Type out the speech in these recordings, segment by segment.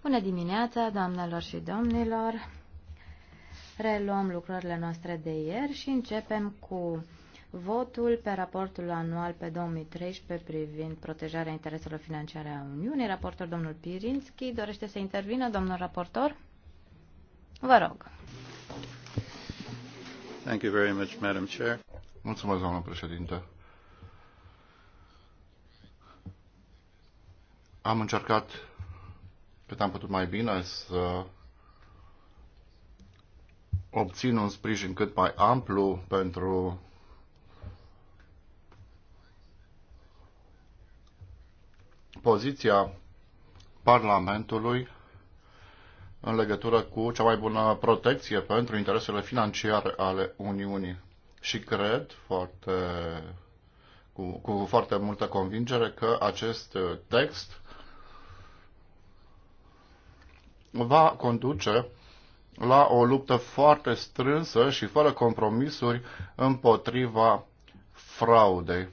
Bună dimineața, doamnelor și domnilor. Reluăm lucrările noastre de ieri și începem cu votul pe raportul anual pe 2013 privind protejarea intereselor financiare a Uniunii. Raportor domnul Pirinski dorește să intervină, domnul raportor? Vă rog. Thank you very much, Madam Chair. Mulțumesc, doamnă președinte. Am încercat cât am putut mai bine să obțin un sprijin cât mai amplu pentru poziția Parlamentului în legătură cu cea mai bună protecție pentru interesele financiare ale Uniunii. Și cred foarte, cu, cu foarte multă convingere că acest text va conduce la o luptă foarte strânsă și fără compromisuri împotriva fraudei.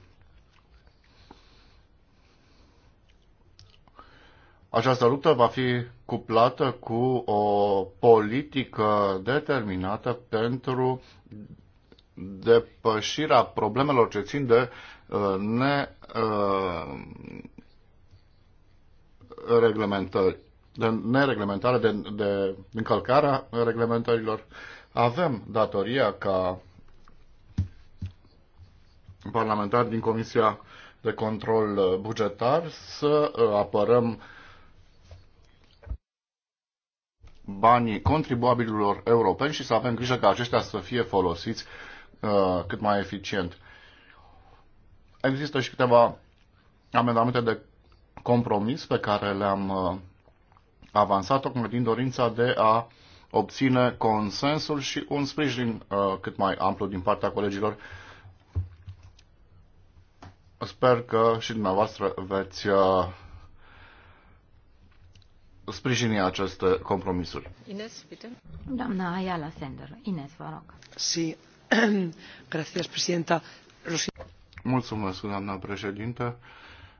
Această luptă va fi cuplată cu o politică determinată pentru depășirea problemelor ce țin de uh, ne uh, reglementări de nereglementare, de, de încălcarea reglementărilor. Avem datoria ca parlamentari din Comisia de Control Bugetar să uh, apărăm banii contribuabililor europeni și să avem grijă ca aceștia să fie folosiți uh, cât mai eficient. Există și câteva amendamente de compromis pe care le-am uh, avansat tocmai din dorința de a obține consensul și un sprijin uh, cât mai amplu din partea colegilor. Sper că și dumneavoastră veți uh, sprijini aceste compromisuri. Ines, bitte. Doamna Ayala Sender. Ines, vă rog. Si. Gracias, presidenta. Mulțumesc, doamna președinte.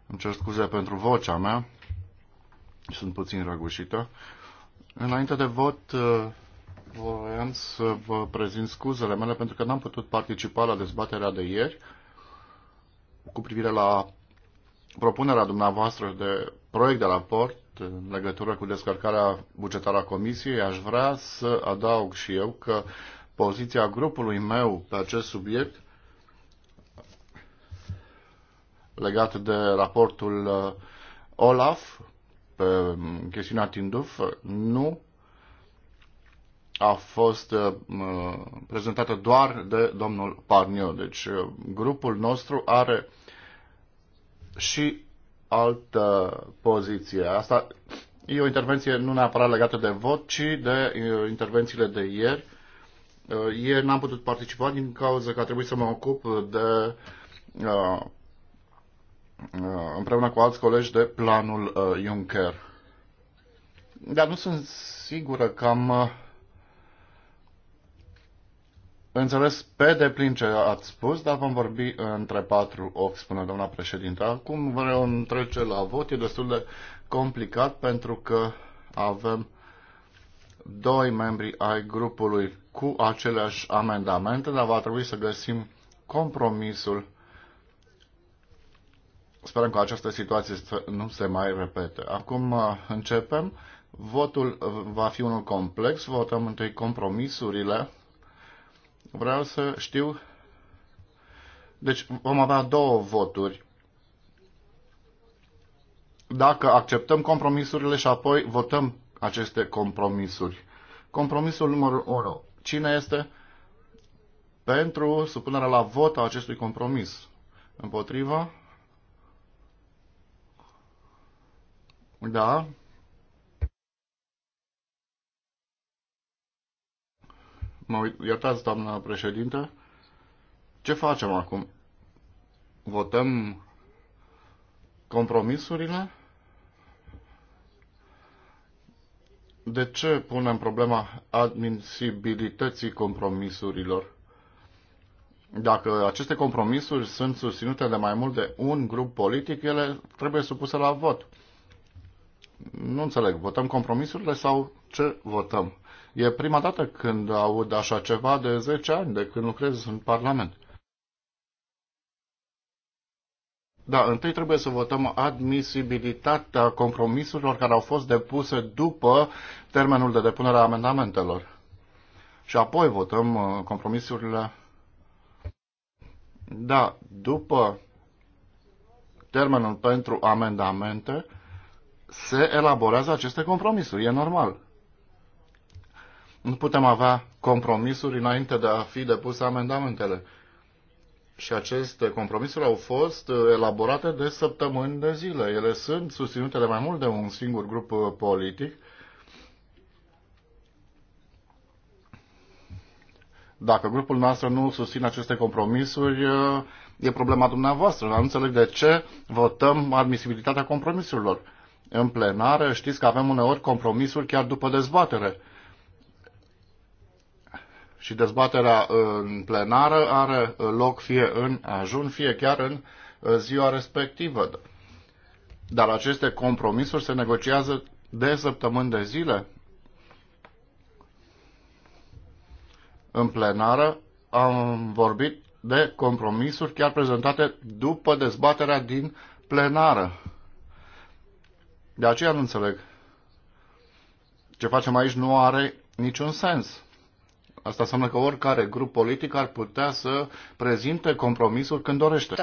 Îmi cer scuze pentru vocea mea sunt puțin răgușită. Înainte de vot, uh, voiam să vă prezint scuzele mele pentru că n-am putut participa la dezbaterea de ieri cu privire la propunerea dumneavoastră de proiect de raport în legătură cu descărcarea bugetară a Comisiei. Aș vrea să adaug și eu că poziția grupului meu pe acest subiect legat de raportul uh, OLAF pe um, chestiunea Tinduf nu a fost uh, prezentată doar de domnul Parniu. Deci uh, grupul nostru are și altă poziție. Asta e o intervenție nu neapărat legată de vot, ci de uh, intervențiile de ieri. Ieri n-am putut participa din cauza că a trebuit să mă ocup de Uh, împreună cu alți colegi de planul uh, Juncker. Dar nu sunt sigură că am uh, înțeles pe deplin ce ați spus, dar vom vorbi între patru ochi, spune doamna președinte. Acum vreau întrece la vot, e destul de complicat pentru că avem doi membri ai grupului cu aceleași amendamente, dar va trebui să găsim compromisul Sperăm că această situație să nu se mai repete. Acum uh, începem. Votul uh, va fi unul complex. Votăm întâi compromisurile. Vreau să știu. Deci vom avea două voturi. Dacă acceptăm compromisurile și apoi votăm aceste compromisuri. Compromisul numărul 1. Cine este pentru supunerea la vot a acestui compromis? Împotriva? Da. Mă iertați, doamnă președinte. Ce facem acum? Votăm compromisurile? De ce punem problema admisibilității compromisurilor? Dacă aceste compromisuri sunt susținute de mai mult de un grup politic, ele trebuie supuse la vot. Nu înțeleg. Votăm compromisurile sau ce votăm? E prima dată când aud așa ceva de 10 ani, de când lucrez în Parlament. Da, întâi trebuie să votăm admisibilitatea compromisurilor care au fost depuse după termenul de depunere a amendamentelor. Și apoi votăm uh, compromisurile. Da, după termenul pentru amendamente, se elaborează aceste compromisuri. E normal. Nu putem avea compromisuri înainte de a fi depuse amendamentele. Și aceste compromisuri au fost uh, elaborate de săptămâni de zile. Ele sunt susținute de mai mult de un singur grup uh, politic. Dacă grupul nostru nu susține aceste compromisuri, uh, e problema dumneavoastră. Nu înțeleg de ce votăm admisibilitatea compromisurilor în plenară. Știți că avem uneori compromisuri chiar după dezbatere. Și dezbaterea uh, în plenară are uh, loc fie în ajun, fie chiar în uh, ziua respectivă. Dar aceste compromisuri se negociază de săptămâni de zile în plenară am vorbit de compromisuri chiar prezentate după dezbaterea din plenară. De aceea nu înțeleg. Ce facem aici nu are niciun sens. Asta înseamnă că oricare grup politic ar putea să prezinte compromisul când dorește.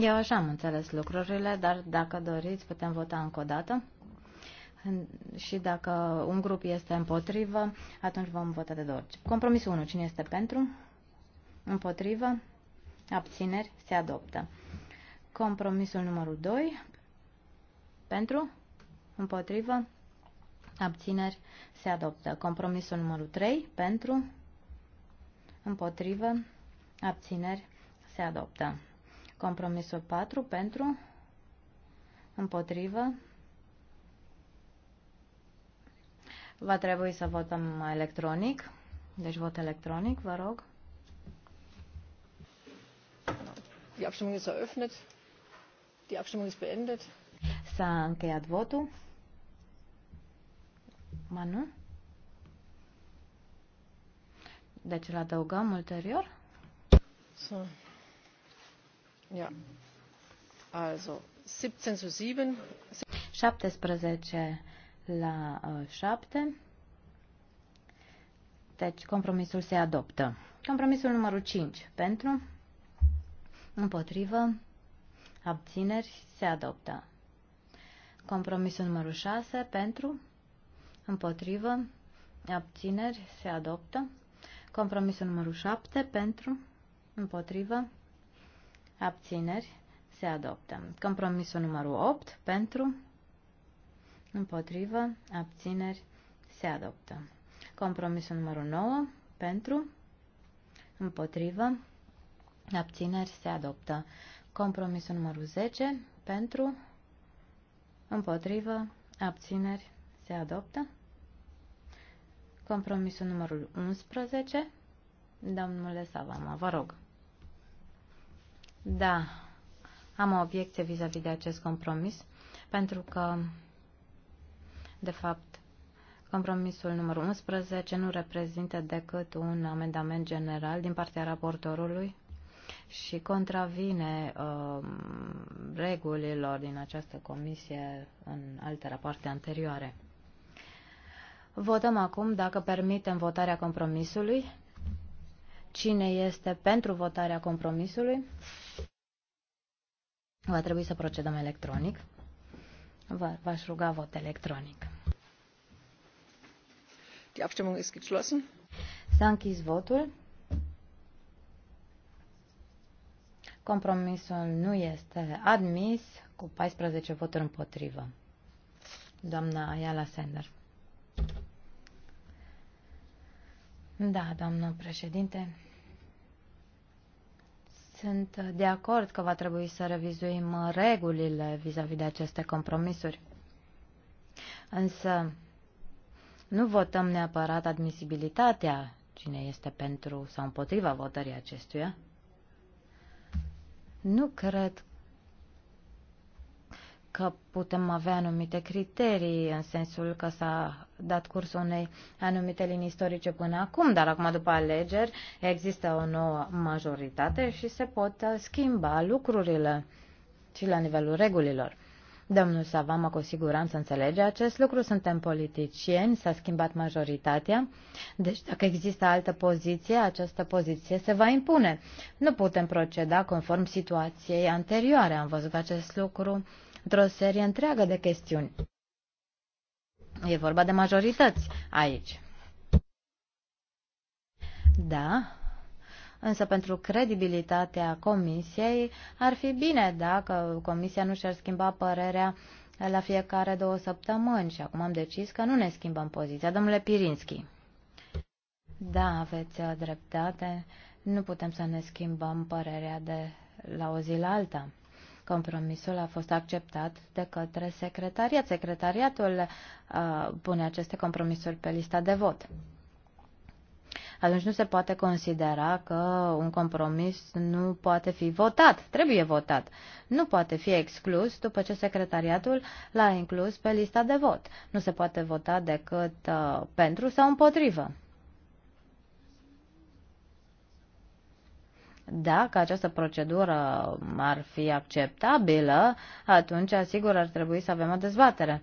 Eu așa am înțeles lucrurile, dar dacă doriți putem vota încă o dată. Și dacă un grup este împotrivă, atunci vom vota de două ori. Compromisul 1. Cine este pentru? Împotrivă? Abțineri? Se adoptă. Compromisul numărul 2. Pentru? Împotrivă? Abțineri? Se adoptă. Compromisul numărul 3. Pentru? Împotrivă? Abțineri? Se adoptă. Compromisul 4. Pentru? Împotrivă? Va trebui să votăm electronic. Deci vot electronic, vă rog. Die Abstimmung ist eröffnet. Die Abstimmung ist beendet. S-a încheiat votul. Ba nu? Deci îl adăugăm ulterior? So. Ja. Also, 17 zu 7. 17 la uh, ă, 7. Deci compromisul se adoptă. Compromisul numărul 5. Pentru, împotrivă, abțineri, se adoptă. Compromisul numărul 6 pentru, împotrivă, abțineri se adoptă. Compromisul numărul 7 pentru, împotrivă, abțineri se adoptă. Compromisul numărul 8 pentru, împotrivă, abțineri se adoptă. Compromisul numărul 9 pentru, împotrivă, abțineri se adoptă. Compromisul numărul 10 pentru, Împotrivă. Abțineri. Se adoptă. Compromisul numărul 11. Domnule Savama, vă rog. Da, am o obiecție vis-a-vis de acest compromis, pentru că, de fapt, compromisul numărul 11 nu reprezintă decât un amendament general din partea raportorului și contravine uh, regulilor din această comisie în alte rapoarte anterioare. Votăm acum dacă permitem votarea compromisului. Cine este pentru votarea compromisului? Va trebui să procedăm electronic. V-aș ruga vot electronic. Die Abstimmung ist geschlossen. S-a închis votul. Compromisul nu este admis cu 14 voturi împotrivă. Doamna Ayala Sender. Da, doamnă președinte. Sunt de acord că va trebui să revizuim regulile vis-a-vis -vis de aceste compromisuri. Însă nu votăm neapărat admisibilitatea, cine este pentru sau împotriva votării acestuia, nu cred că putem avea anumite criterii, în sensul că s-a dat curs unei anumite linii istorice până acum, dar acum după alegeri există o nouă majoritate și se pot schimba lucrurile și la nivelul regulilor. Domnul Savama cu siguranță înțelege acest lucru, suntem politicieni, s-a schimbat majoritatea, deci dacă există altă poziție, această poziție se va impune. Nu putem proceda conform situației anterioare, am văzut acest lucru într-o serie întreagă de chestiuni. E vorba de majorități aici. Da, Însă pentru credibilitatea Comisiei ar fi bine dacă Comisia nu și-ar schimba părerea la fiecare două săptămâni și acum am decis că nu ne schimbăm poziția. Domnule Pirinski. Da, aveți uh, dreptate. Nu putem să ne schimbăm părerea de la o zi la alta. Compromisul a fost acceptat de către secretariat. Secretariatul uh, pune aceste compromisuri pe lista de vot atunci nu se poate considera că un compromis nu poate fi votat. Trebuie votat. Nu poate fi exclus după ce secretariatul l-a inclus pe lista de vot. Nu se poate vota decât uh, pentru sau împotrivă. Dacă această procedură ar fi acceptabilă, atunci, asigur, ar trebui să avem o dezbatere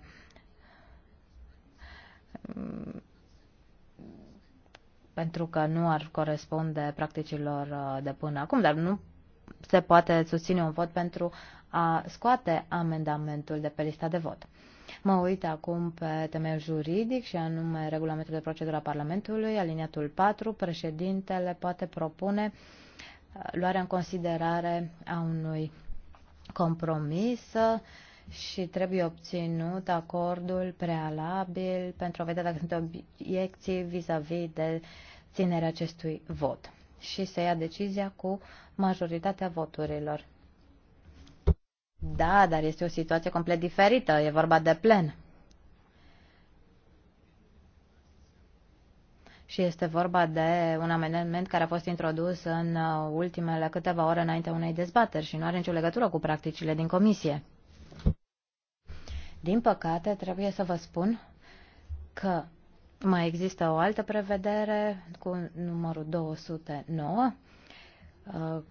pentru că nu ar corespunde practicilor uh, de până acum, dar nu se poate susține un vot pentru a scoate amendamentul de pe lista de vot. Mă uit acum pe temeiul juridic și anume regulamentul de procedură a Parlamentului, aliniatul 4, președintele poate propune uh, luarea în considerare a unui compromis uh, și trebuie obținut acordul prealabil pentru a vedea dacă sunt obiecții vis-a-vis -vis de ținerea acestui vot și să ia decizia cu majoritatea voturilor. Da, dar este o situație complet diferită, e vorba de plen. și este vorba de un amendament care a fost introdus în ultimele câteva ore înainte unei dezbateri și nu are nicio legătură cu practicile din comisie. Din păcate, trebuie să vă spun că mai există o altă prevedere cu numărul 209, uh,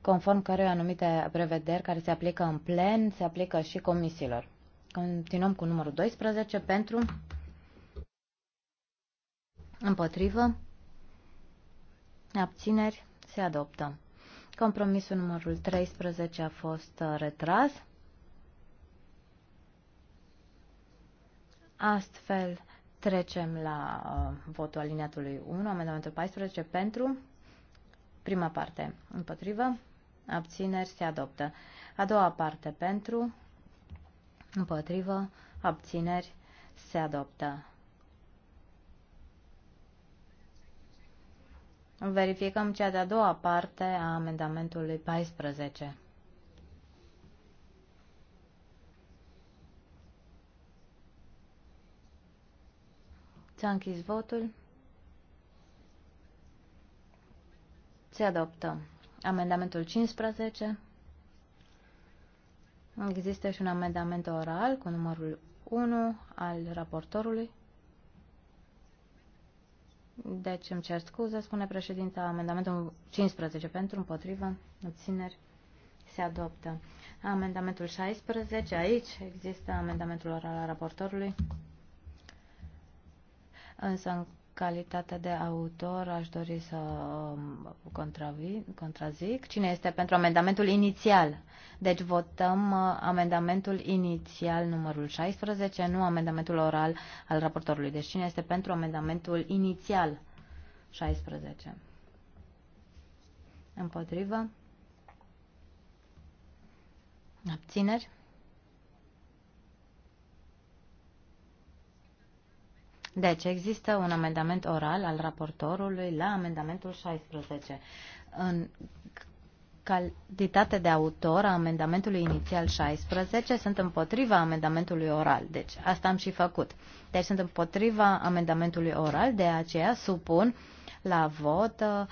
conform căruia anumite prevederi care se aplică în plen se aplică și comisiilor. Continuăm cu numărul 12 pentru împotrivă abțineri se adoptă. Compromisul numărul 13 a fost uh, retras. Astfel trecem la uh, votul aliniatului 1, amendamentul 14 pentru prima parte împotrivă, abțineri se adoptă. A doua parte pentru împotrivă, abțineri se adoptă. Verificăm cea de-a doua parte a amendamentului 14. ți a închis votul. Se adoptă. Amendamentul 15. Există și un amendament oral cu numărul 1 al raportorului. Deci îmi cer scuze, spune președinta, amendamentul 15 pentru, împotrivă, obțineri, se adoptă. Amendamentul 16, aici există amendamentul oral al raportorului însă în calitate de autor aș dori să um, contrazic. Cine este pentru amendamentul inițial? Deci votăm uh, amendamentul inițial numărul 16, nu amendamentul oral al raportorului. Deci cine este pentru amendamentul inițial 16? Împotrivă? Abțineri? Deci există un amendament oral al raportorului la amendamentul 16. În calitate de autor a amendamentului inițial 16, sunt împotriva amendamentului oral. Deci asta am și făcut. Deci sunt împotriva amendamentului oral, de aceea supun la vot uh,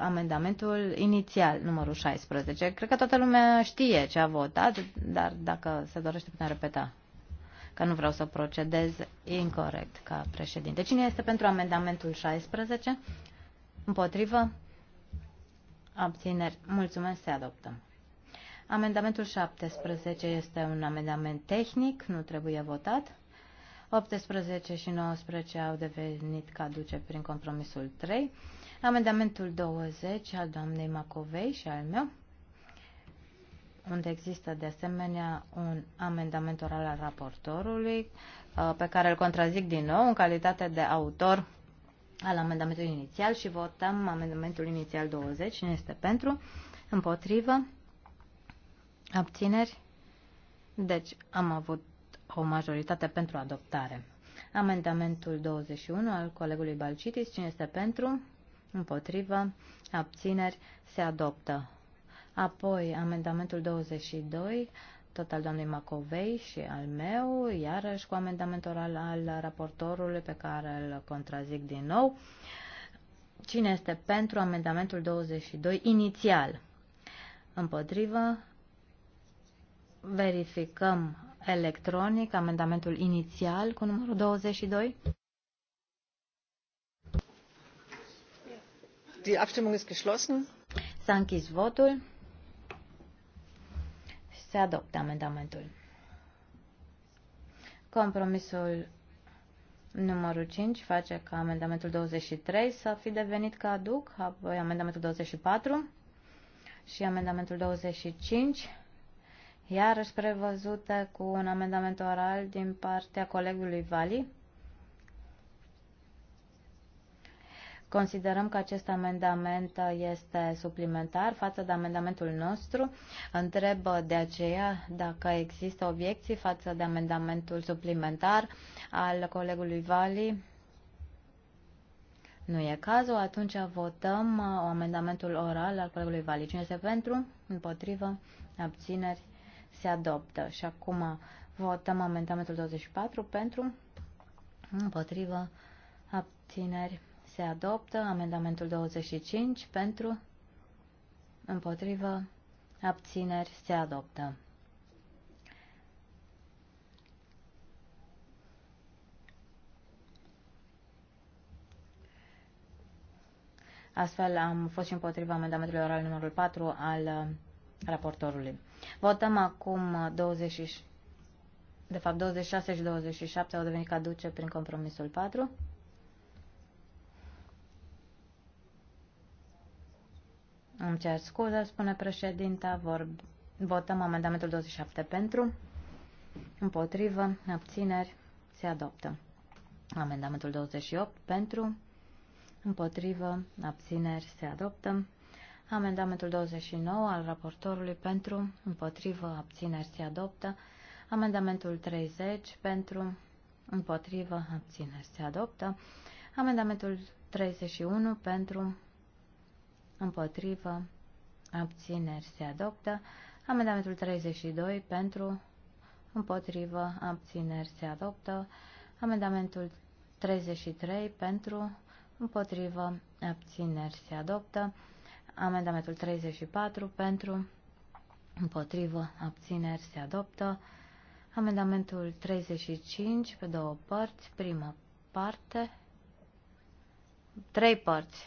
amendamentul inițial, numărul 16. Cred că toată lumea știe ce a votat, dar dacă se dorește putem repeta că nu vreau să procedez incorrect ca președinte. Cine este pentru amendamentul 16? Împotrivă? Abțineri. Mulțumesc, se adoptă. Amendamentul 17 este un amendament tehnic, nu trebuie votat. 18 și 19 au devenit caduce prin compromisul 3. Amendamentul 20 al doamnei Macovei și al meu unde există de asemenea un amendament oral al raportorului, uh, pe care îl contrazic din nou în calitate de autor al amendamentului inițial și votăm amendamentul inițial 20. Cine este pentru? Împotrivă? Abțineri? Deci am avut o majoritate pentru adoptare. Amendamentul 21 al colegului Balcitis. Cine este pentru? Împotrivă? Abțineri? Se adoptă. Apoi amendamentul 22, tot al doamnei Macovei și al meu, iarăși cu amendamentul oral al raportorului pe care îl contrazic din nou. Cine este pentru amendamentul 22 inițial? Împotrivă? Verificăm electronic amendamentul inițial cu numărul 22. Die Abstimmung ist geschlossen. S-a închis votul. Se adoptă amendamentul. Compromisul numărul 5 face ca amendamentul 23 să fi devenit caduc, apoi amendamentul 24 și amendamentul 25, iarăși prevăzute cu un amendament oral din partea colegului Vali. Considerăm că acest amendament uh, este suplimentar față de amendamentul nostru. Întreb uh, de aceea dacă există obiecții față de amendamentul suplimentar al colegului Vali. Nu e cazul, atunci votăm uh, amendamentul oral al colegului Vali. Cine este pentru? Împotrivă? Abțineri? Se adoptă. Și acum votăm amendamentul 24 pentru? Împotrivă? Abțineri? se adoptă. Amendamentul 25 pentru, împotrivă, abțineri, se adoptă. Astfel am fost și împotriva amendamentului oral numărul 4 al uh, raportorului. Votăm acum 20, de fapt 26 și 27 au devenit caduce prin compromisul 4. Îmi cer scuze, spune președinta. Vor... Votăm amendamentul 27 pentru. Împotrivă. Abțineri. Se adoptă. Amendamentul 28 pentru. Împotrivă. Abțineri. Se adoptă. Amendamentul 29 al raportorului pentru. Împotrivă. Abțineri. Se adoptă. Amendamentul 30 pentru. Împotrivă. Abțineri. Se adoptă. Amendamentul 31 pentru împotrivă, abțineri se adoptă. Amendamentul 32 pentru, împotrivă, abțineri se adoptă. Amendamentul 33 pentru, împotrivă, abțineri se adoptă. Amendamentul 34 pentru, împotrivă, abțineri se adoptă. Amendamentul 35 pe două părți, prima parte, trei părți,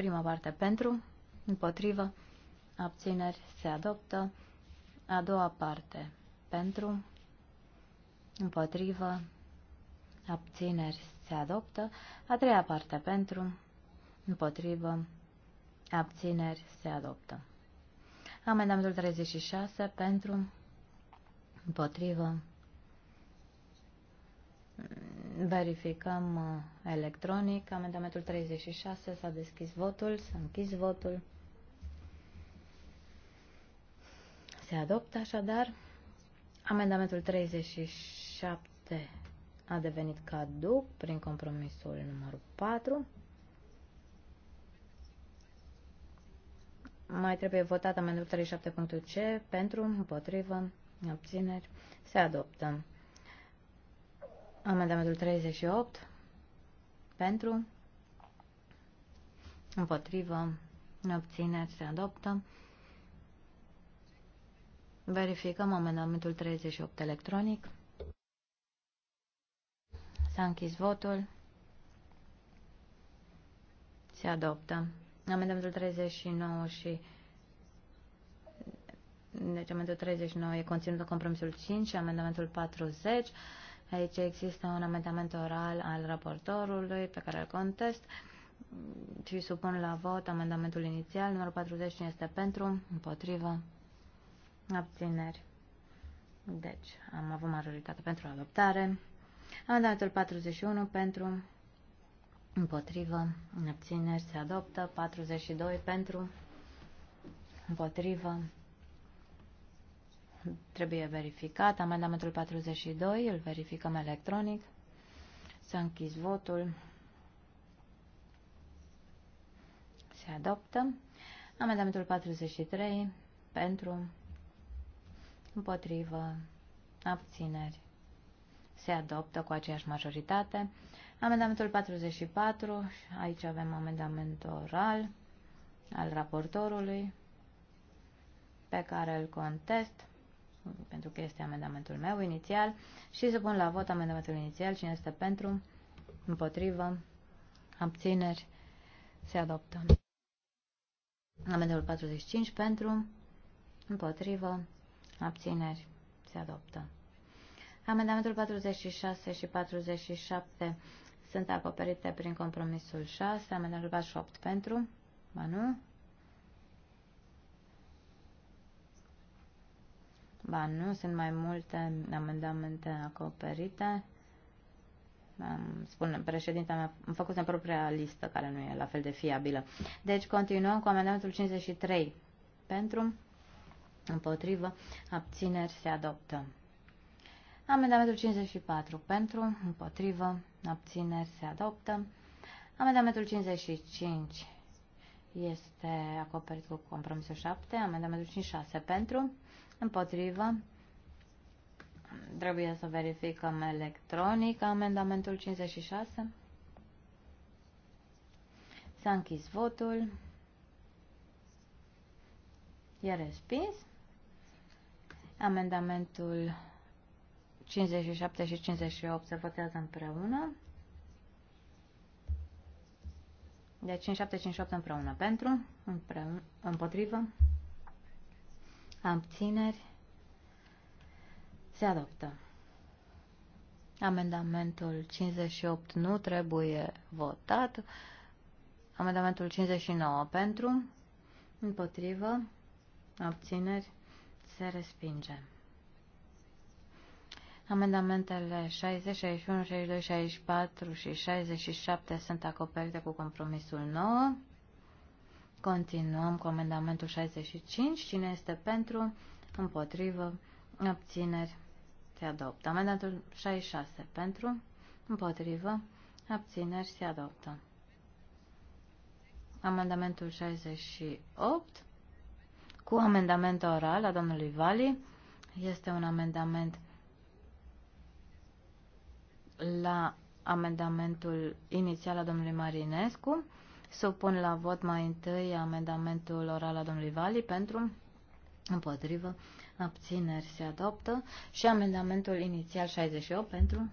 Prima parte pentru, împotrivă, abțineri se adoptă. A doua parte pentru, împotrivă, abțineri se adoptă. A treia parte pentru, împotrivă, abțineri se adoptă. Amendamentul 36 pentru, împotrivă, Verificăm uh, electronic. Amendamentul 36 s-a deschis votul, s-a închis votul. Se adoptă așadar. Amendamentul 37 a devenit caduc prin compromisul numărul 4. Mai trebuie votat amendul 37.c pentru, împotrivă, abțineri, se adoptă. Amendamentul 38 pentru, împotrivă, obțineți, se adoptă. Verificăm amendamentul 38 electronic. S-a închis votul. Se adoptă. Amendamentul 39 și deci amendamentul 39 e conținut în compromisul 5 și amendamentul 40 Aici există un amendament oral al raportorului pe care îl contest și supun la vot amendamentul inițial, numărul 40 este pentru, împotrivă, abțineri. Deci, am avut majoritate pentru adoptare. Amendamentul 41 pentru, împotrivă, abțineri, se adoptă, 42 pentru, împotrivă, trebuie verificat. Amendamentul 42 îl verificăm electronic. S-a închis votul. Se adoptă. Amendamentul 43 pentru, împotrivă, abțineri. Se adoptă cu aceeași majoritate. Amendamentul 44, aici avem amendament oral al raportorului pe care îl contest pentru că este amendamentul meu inițial, și pun la vot amendamentul inițial. Cine este pentru? Împotrivă? Abțineri? Se adoptă. Amendamentul 45 pentru? Împotrivă? Abțineri? Se adoptă. Amendamentul 46 și 47 sunt acoperite prin compromisul 6. Amendamentul 48 pentru? Ba nu? Ba nu, sunt mai multe amendamente acoperite. Spune președinta mea, am făcut în propria listă care nu e la fel de fiabilă. Deci continuăm cu amendamentul 53. Pentru, împotrivă, abțineri se adoptă. Amendamentul 54 pentru, împotrivă, abțineri se adoptă. Amendamentul 55 este acoperit cu compromisul 7, amendamentul 56 pentru, împotrivă, trebuie să verificăm electronic amendamentul 56. S-a închis votul. E respins. Amendamentul 57 și 58 se votează împreună. 5, 8 împreună pentru, împreună, împotrivă, abțineri, se adoptă. Amendamentul 58 nu trebuie votat. Amendamentul 59 pentru, împotrivă, abțineri, se respinge. Amendamentele 60, 61, 62, 64 și 67 sunt acoperite cu compromisul 9. Continuăm cu amendamentul 65. Cine este pentru? Împotrivă? Abțineri? Se adoptă. Amendamentul 66. Pentru? Împotrivă? Abțineri? Se adoptă. Amendamentul 68. Cu amendament oral a domnului Vali. Este un amendament la amendamentul inițial al domnului Marinescu. Supun la vot mai întâi amendamentul oral al domnului Vali pentru, împotrivă, abțineri se adoptă și amendamentul inițial 68 pentru,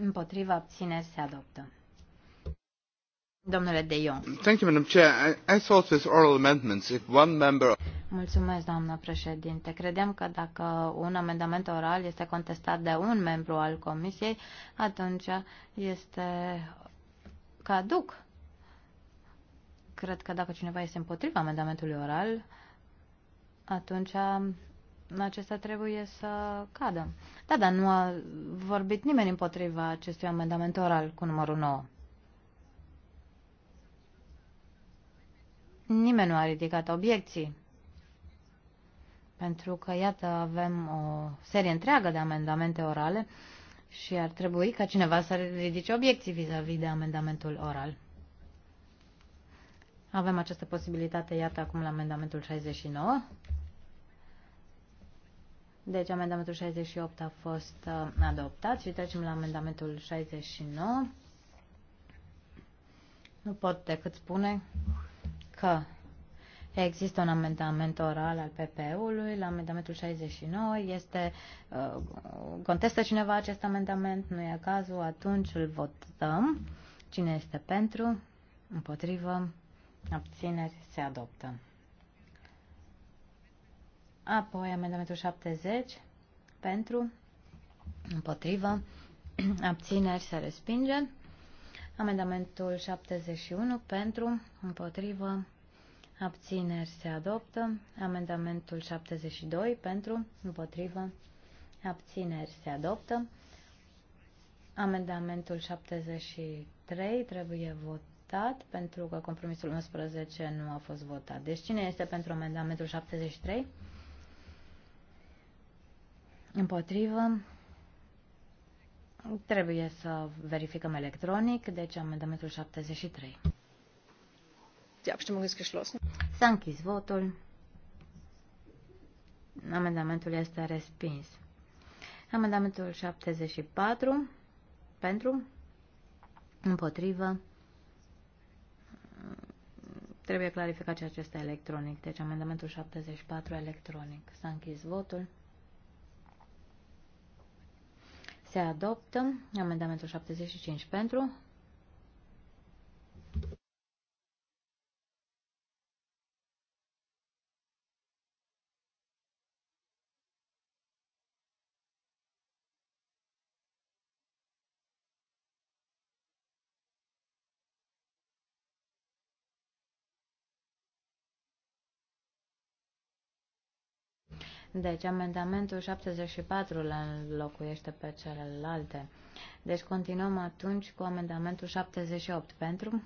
împotrivă, abțineri se adoptă. Domnule De Jong. Thank you, Madam Chair. I, I thought with oral amendments, if one member... Mulțumesc, doamnă președinte. Credem că dacă un amendament oral este contestat de un membru al Comisiei, atunci este caduc. Cred că dacă cineva este împotriva amendamentului oral, atunci acesta trebuie să cadă. Da, dar nu a vorbit nimeni împotriva acestui amendament oral cu numărul 9. Nimeni nu a ridicat obiecții. Pentru că, iată, avem o serie întreagă de amendamente orale și ar trebui ca cineva să ridice obiecții vis-a-vis -vis de amendamentul oral. Avem această posibilitate, iată, acum la amendamentul 69. Deci amendamentul 68 a fost uh, adoptat și trecem la amendamentul 69. Nu pot decât spune că există un amendament oral al PP-ului la amendamentul 69. Este, uh, contestă cineva acest amendament? Nu e cazul? Atunci îl votăm. Cine este pentru? Împotrivă? Abțineri? Se adoptă. Apoi amendamentul 70 pentru, împotrivă, abțineri se respinge. Amendamentul 71 pentru, împotrivă, Abțineri se adoptă. Amendamentul 72 pentru, împotrivă. Abțineri se adoptă. Amendamentul 73 trebuie votat pentru că compromisul 11 nu a fost votat. Deci cine este pentru amendamentul 73? Împotrivă. Trebuie să verificăm electronic, deci amendamentul 73. Die Abstimmung ist geschlossen. S-a închis votul. Amendamentul este respins. Amendamentul 74 pentru, împotrivă, trebuie clarificat și acesta electronic. Deci amendamentul 74 electronic. S-a închis votul. Se adoptă amendamentul 75 pentru, Deci amendamentul 74 le înlocuiește pe celelalte. Deci continuăm atunci cu amendamentul 78 pentru,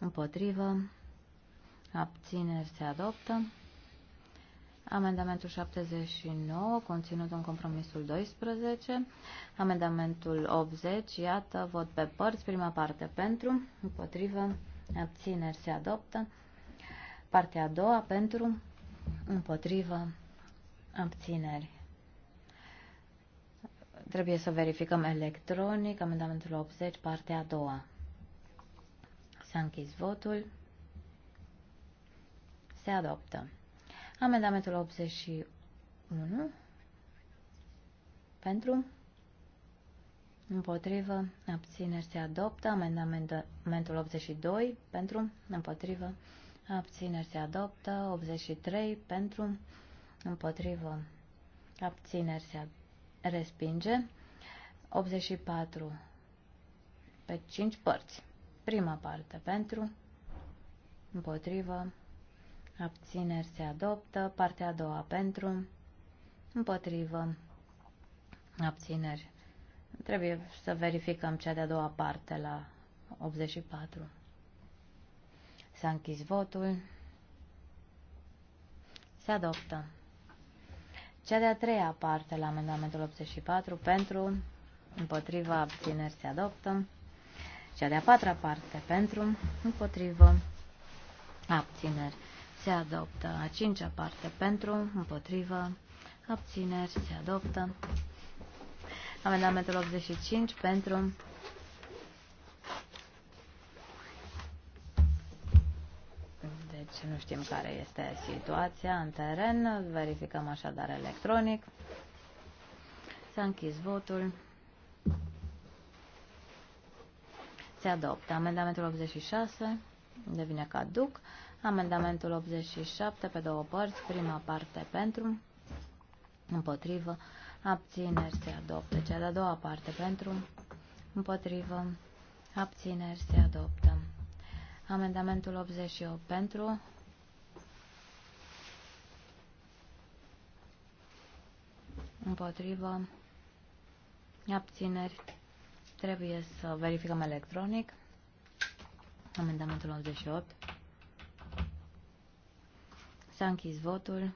împotrivă, abțineri se adoptă. Amendamentul 79, conținut în compromisul 12. Amendamentul 80, iată, vot pe părți, prima parte pentru, împotrivă, abțineri se adoptă. Partea a doua pentru, împotrivă, abțineri. Trebuie să verificăm electronic amendamentul 80, partea a doua. S-a închis votul. Se adoptă. Amendamentul 81 pentru Împotrivă, abțineri se adoptă. Amendamentul 82 pentru, împotrivă, abțineri se adoptă, 83 pentru, împotrivă, abțineri se respinge, 84 pe 5 părți. Prima parte pentru, împotrivă, abțineri se adoptă, partea a doua pentru, împotrivă, abțineri. Trebuie să verificăm cea de-a doua parte la 84. S-a închis votul. Se adoptă. Cea de-a treia parte la amendamentul 84 pentru, împotriva, abțineri se adoptă. Cea de-a patra parte pentru, împotrivă, abțineri se adoptă. A cincea parte pentru, împotrivă, abțineri se adoptă. Amendamentul 85 pentru, Deci nu știm care este situația în teren. Verificăm așadar electronic. S-a închis votul. Se adoptă. Amendamentul 86 devine caduc. Amendamentul 87 pe două părți. Prima parte pentru, împotrivă, abțineri se adoptă. Cea de-a doua parte pentru, împotrivă, abțineri se adoptă. Amendamentul 88 pentru. Împotrivă. Abțineri. Trebuie să verificăm electronic. Amendamentul 88. S-a închis votul.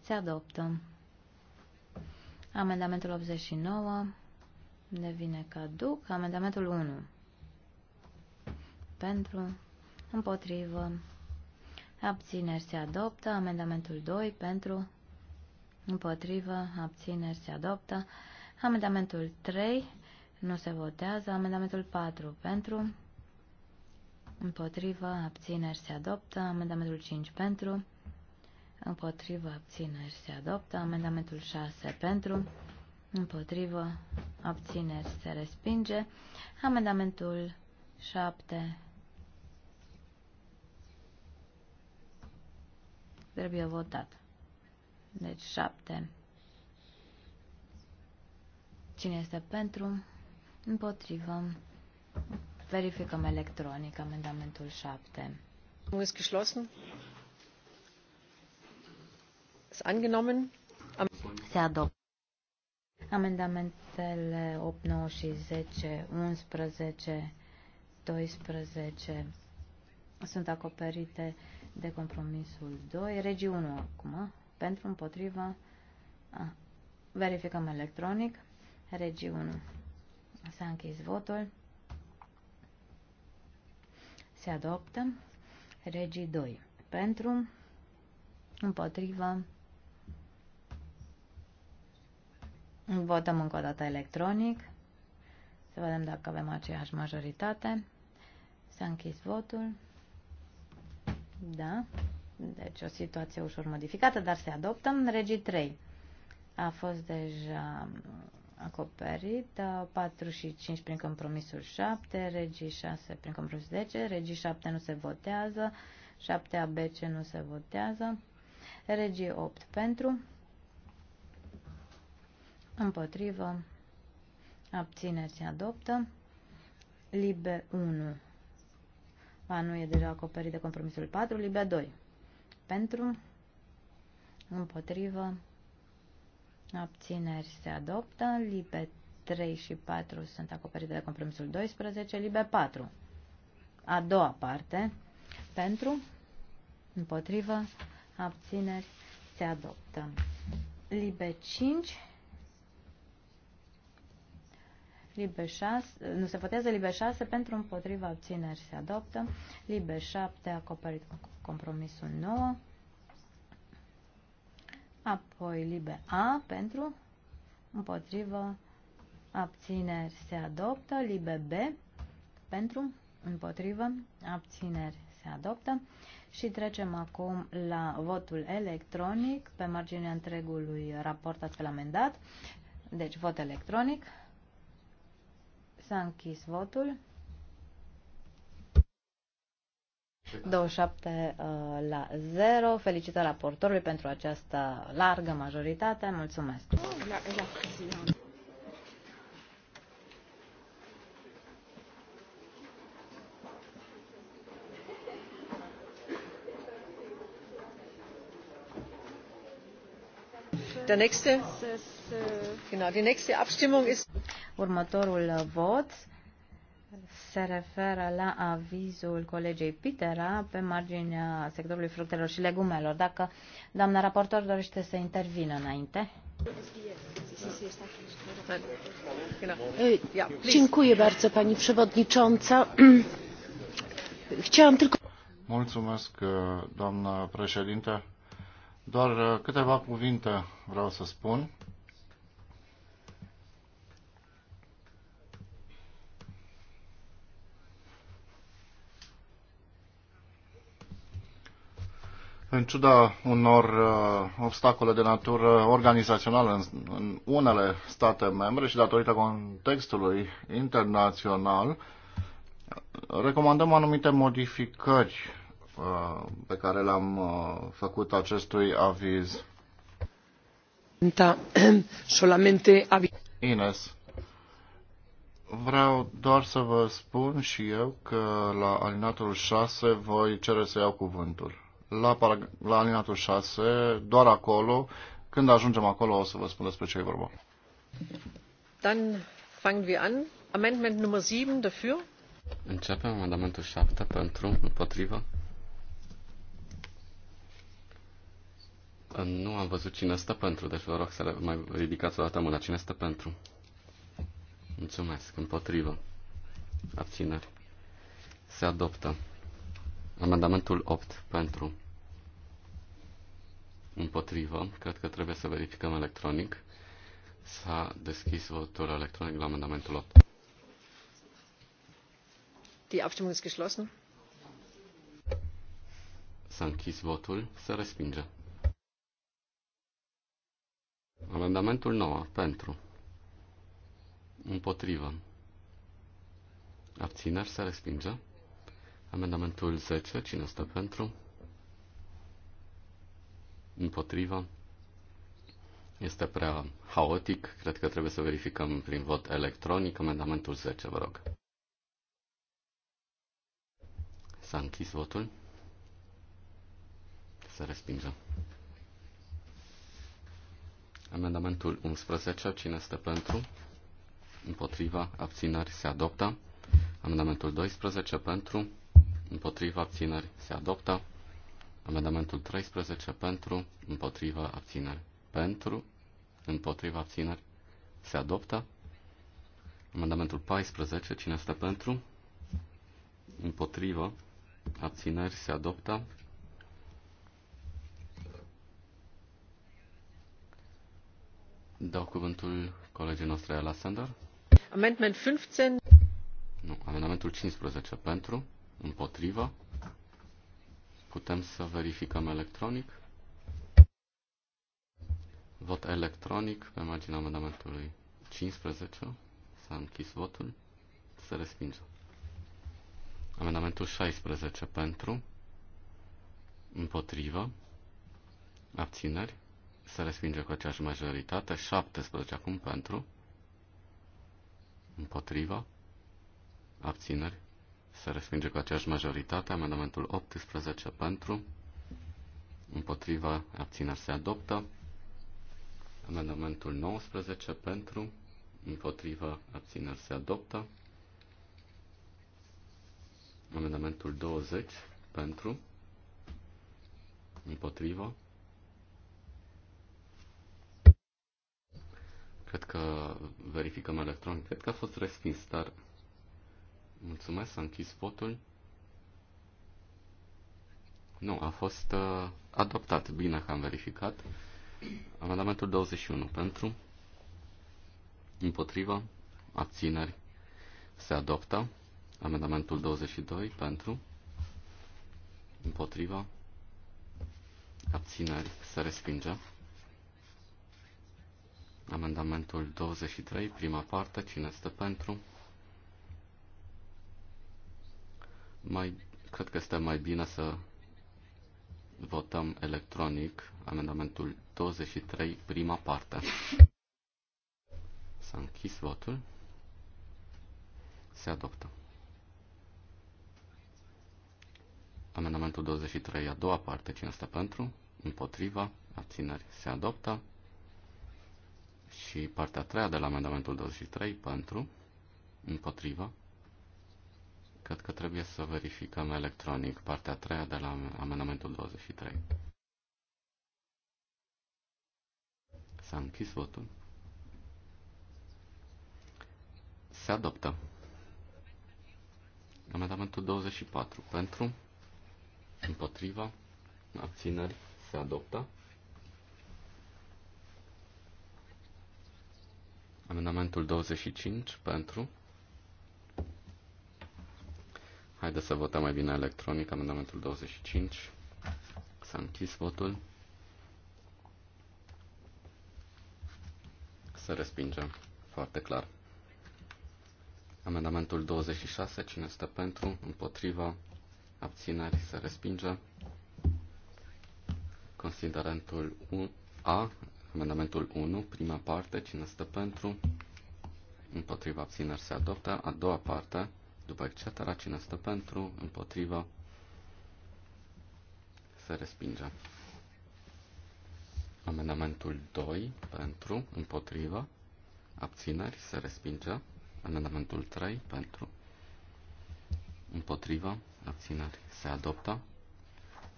Se adoptă. Amendamentul 89 devine caduc. Amendamentul 1 pentru, împotrivă, abțineri se adoptă, amendamentul 2 pentru, împotrivă, abțineri se adoptă, amendamentul 3 nu se votează, amendamentul 4 pentru, împotrivă, abțineri se adoptă, amendamentul 5 pentru, împotrivă, abțineri se adoptă, amendamentul 6 pentru, împotrivă, abțineri se respinge, amendamentul 7 Trebuie votat. Deci 7. Cine este pentru? Împotrivă. Verificăm electronic amendamentul 7. Nu este geschlossen. Este angenommen. Se adoptă. Amendamentele 8, 9 și 10, 11, 12 sunt acoperite de compromisul 2. Regii 1 acum. Pentru împotriva. A, verificăm electronic. Regii 1. S-a închis votul. Se adoptă. Regii 2. Pentru împotriva. Votăm încă o dată electronic. Să vedem dacă avem aceeași majoritate. S-a închis votul. Da. Deci o situație ușor modificată, dar se adoptă. În regii 3 a fost deja acoperit, 4 uh, și 5 prin compromisul 7, regii 6 prin compromisul 10, regii 7 nu se votează, 7 ABC nu se votează, regii 8 pentru, împotrivă, abțineri se adoptă, libe 1 Ba nu e deja acoperit de compromisul 4, Libia 2. Pentru, împotrivă, abțineri se adoptă, Libe 3 și 4 sunt acoperite de compromisul 12, Libe 4. A doua parte, pentru, împotrivă, abțineri se adoptă. Libe 5 Libe 6, nu se votează Libe 6 pentru împotriva abțineri se adoptă. Libe 7 acoperit cu compromisul 9. Apoi Libe A pentru împotriva abțineri se adoptă. Libe B pentru împotriva abțineri se adoptă. Și trecem acum la votul electronic pe marginea întregului raport astfel amendat. Deci vot electronic. S-a închis votul. 27 uh, la 0. Felicitări raportorului pentru această largă majoritate. Mulțumesc! Oh, der nächste äh, genau die nächste abstimmung ist Următorul vot se referă la avizul colegei Pitera pe marginea sectorului fructelor și legumelor. Dacă doamna raportor dorește să intervină înainte. Dziękuję bardzo pani przewodnicząca. Chciałam tylko Mulțumesc, doamna președinte. Doar câteva cuvinte vreau să spun. în ciuda unor uh, obstacole de natură organizațională în, în unele state membre și datorită contextului internațional, recomandăm anumite modificări uh, pe care le-am uh, făcut acestui aviz. Da, solamente aviz. Ines, vreau doar să vă spun și eu că la alinatul 6 voi cere să iau cuvântul la, la alinatul 6, doar acolo. Când ajungem acolo o să vă spun despre ce e vorba. Dan, fangen wir an. Amendment număr 7 dafür. Începem amendamentul 7 pentru, împotriva. Nu am văzut cine stă pentru, deci vă rog să le mai ridicați o dată mâna. Cine stă pentru? Mulțumesc. Împotrivă. Abțineri. Se adoptă. Amendamentul 8 pentru împotrivă. Cred că trebuie să verificăm electronic. S-a deschis votul electronic la amendamentul 8. Die Abstimmung ist geschlossen. S-a închis votul. Se respinge. Amendamentul 9. Pentru. Împotrivă. Abțineri se respinge. Amendamentul 10. Cine stă pentru? Împotriva? Este prea haotic. Cred că trebuie să verificăm prin vot electronic. Amendamentul 10, vă rog. S-a închis votul. Se respinge. Amendamentul 11. Cine este pentru? Împotriva. Abținări. Se adoptă. Amendamentul 12. Pentru împotriva abțineri se adoptă. Amendamentul 13 pentru, împotriva abțineri. Pentru, împotriva abțineri se adoptă. Amendamentul 14, cine este pentru? Împotrivă, abțineri se adoptă. Dau cuvântul colegii noastre, Ella Sander. Amendment 15. Nu, amendamentul 15 pentru, Împotrivă. Putem să verificăm electronic. Vot electronic pe marginea amendamentului 15. S-a închis votul. Se respinge. Amendamentul 16 pentru. Împotrivă. Abțineri. Se respinge cu aceeași majoritate. 17 acum pentru. Împotrivă. Abțineri se respinge cu aceeași majoritate. Amendamentul 18 pentru, împotriva, abțineri se adoptă. Amendamentul 19 pentru, împotriva, abțineri se adoptă. Amendamentul 20 pentru, împotriva. Cred că verificăm electronic. Cred că a fost respins, dar Mulțumesc, s-a închis votul. Nu, a fost uh, adoptat. Bine că am verificat. Amendamentul 21 pentru, împotriva, abțineri, se adoptă. Amendamentul 22 pentru, împotriva, abțineri, se respinge. Amendamentul 23, prima parte, cine este pentru? Mai, cred că este mai bine să votăm electronic amendamentul 23, prima parte. S-a închis votul. Se adoptă. Amendamentul 23, a doua parte, cine stă pentru, împotriva, abțineri, se adoptă. Și partea a treia de la amendamentul 23, pentru, împotriva, Cred că trebuie să verificăm electronic partea a treia de la amendamentul 23. S-a închis votul. Se adoptă. Amendamentul 24. Pentru, împotriva, abțineri, se adoptă. Amendamentul 25. Pentru, Haideți să votăm mai bine electronic. Amendamentul 25. S-a închis votul. Să respingem. foarte clar. Amendamentul 26. Cine stă pentru? Împotriva? Abțineri? Să respinge. Considerentul A. Amendamentul 1. Prima parte. Cine stă pentru? Împotriva abțineri se adoptă. A doua parte după etc. Cine stă pentru, împotriva, se respinge. Amendamentul 2 pentru, împotriva, abțineri, se respinge. Amendamentul 3 pentru, împotriva, abțineri, se adoptă.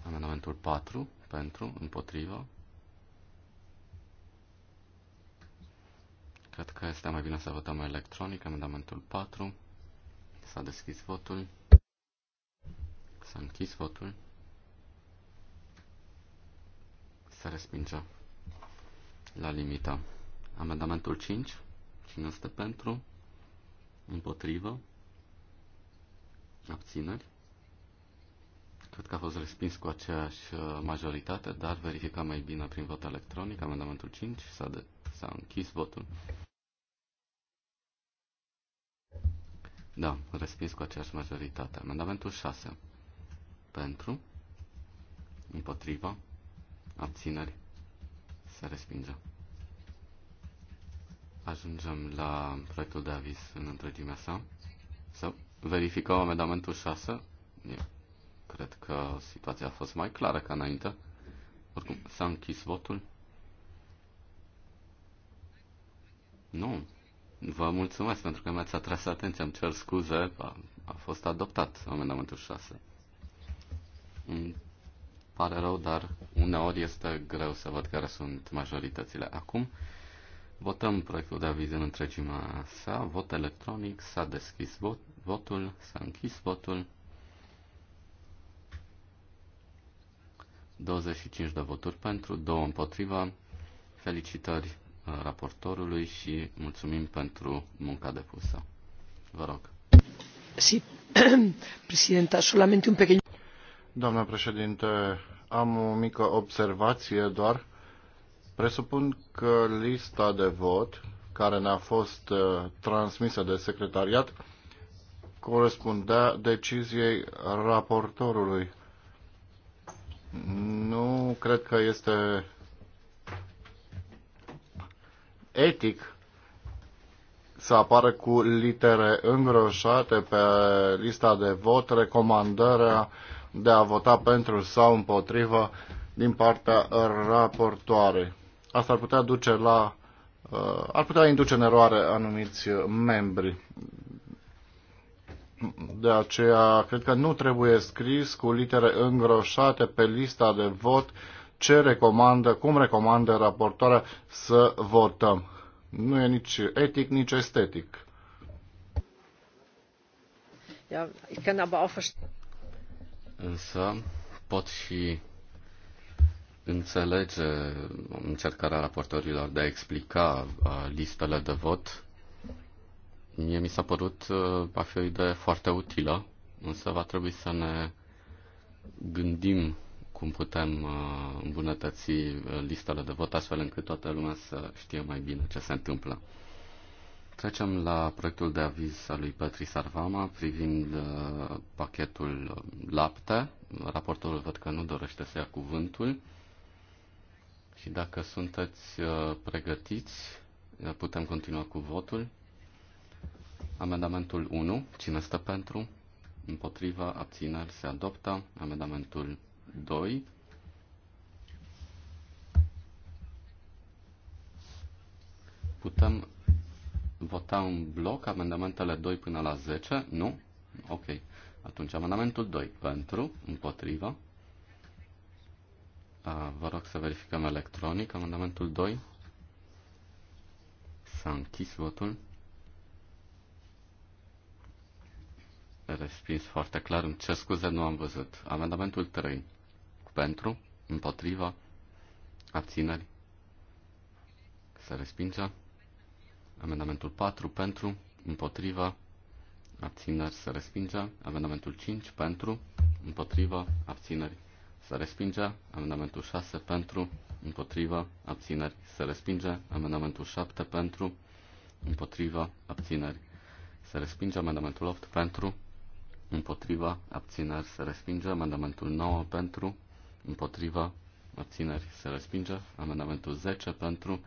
Amendamentul 4 pentru, împotriva, Cred că este mai bine să votăm electronic amendamentul 4. S-a deschis votul. S-a închis votul. Se respinge la limita. Amendamentul 5. Cine este pentru? Împotrivă? Abțineri? Cred că a fost respins cu aceeași uh, majoritate, dar verificăm mai bine prin vot electronic. Amendamentul 5 s-a, de- s-a închis votul. Da, respins cu aceeași majoritate. Amendamentul 6. Pentru. Împotriva. Abțineri. Se respinge. Ajungem la proiectul de avis în întregimea sa. Să verificăm amendamentul 6. Cred că situația a fost mai clară ca înainte. Oricum, s-a închis votul. Nu. Vă mulțumesc pentru că mi-ați atras atenția. Îmi cer scuze. A, a fost adoptat amendamentul 6. Îmi pare rău, dar uneori este greu să văd care sunt majoritățile. Acum votăm proiectul de aviz în întregimea sa. Vot electronic. S-a deschis vot, votul. S-a închis votul. 25 de voturi pentru, 2 împotriva. Felicitări raportorului și mulțumim pentru munca depusă. Vă rog. Sí. Presidenta, solamente un pequeño... Doamna președinte, am o mică observație doar. Presupun că lista de vot care ne-a fost uh, transmisă de secretariat corespundea deciziei raportorului. Nu cred că este etic să apară cu litere îngroșate pe lista de vot recomandarea de a vota pentru sau împotrivă din partea raportoarei. Asta ar putea duce la uh, ar putea induce în eroare anumiți membri. De aceea, cred că nu trebuie scris cu litere îngroșate pe lista de vot ce recomandă, cum recomandă raportoarea să votăm. Nu e nici etic, nici estetic. Însă pot și înțelege încercarea raportorilor de a explica listele de vot. Mie mi s-a părut a fi o idee foarte utilă, însă va trebui să ne gândim cum putem uh, îmbunătăți uh, listele de vot astfel încât toată lumea să știe mai bine ce se întâmplă. Trecem la proiectul de aviz al lui Petri Sarvama privind uh, pachetul lapte. Raportorul văd că nu dorește să ia cuvântul. Și dacă sunteți pregătiți, putem continua cu votul. Amendamentul 1. Cine stă pentru? Împotriva, abțineri, se adoptă. Amendamentul 2. Putem vota un bloc amendamentele 2 până la 10? Nu? Ok. Atunci amendamentul 2. Pentru, împotriva. A, vă rog să verificăm electronic amendamentul 2. S-a închis votul. Respins foarte clar. Îmi cer scuze, nu am văzut. Amendamentul 3 pentru, împotriva, abțineri, se respinge. Amendamentul 4 pentru, împotriva, abțineri, se respinge. Amendamentul 5 pentru, împotriva, abțineri, se respinge. Amendamentul 6 pentru, împotriva, abțineri, se respinge. Amendamentul 7 pentru, împotriva, abțineri, se respinge. Amendamentul 8 pentru, împotriva, abțineri, se respinge. Amendamentul 9 pentru, împotriva, abțineri se respinge. Amendamentul 10 pentru,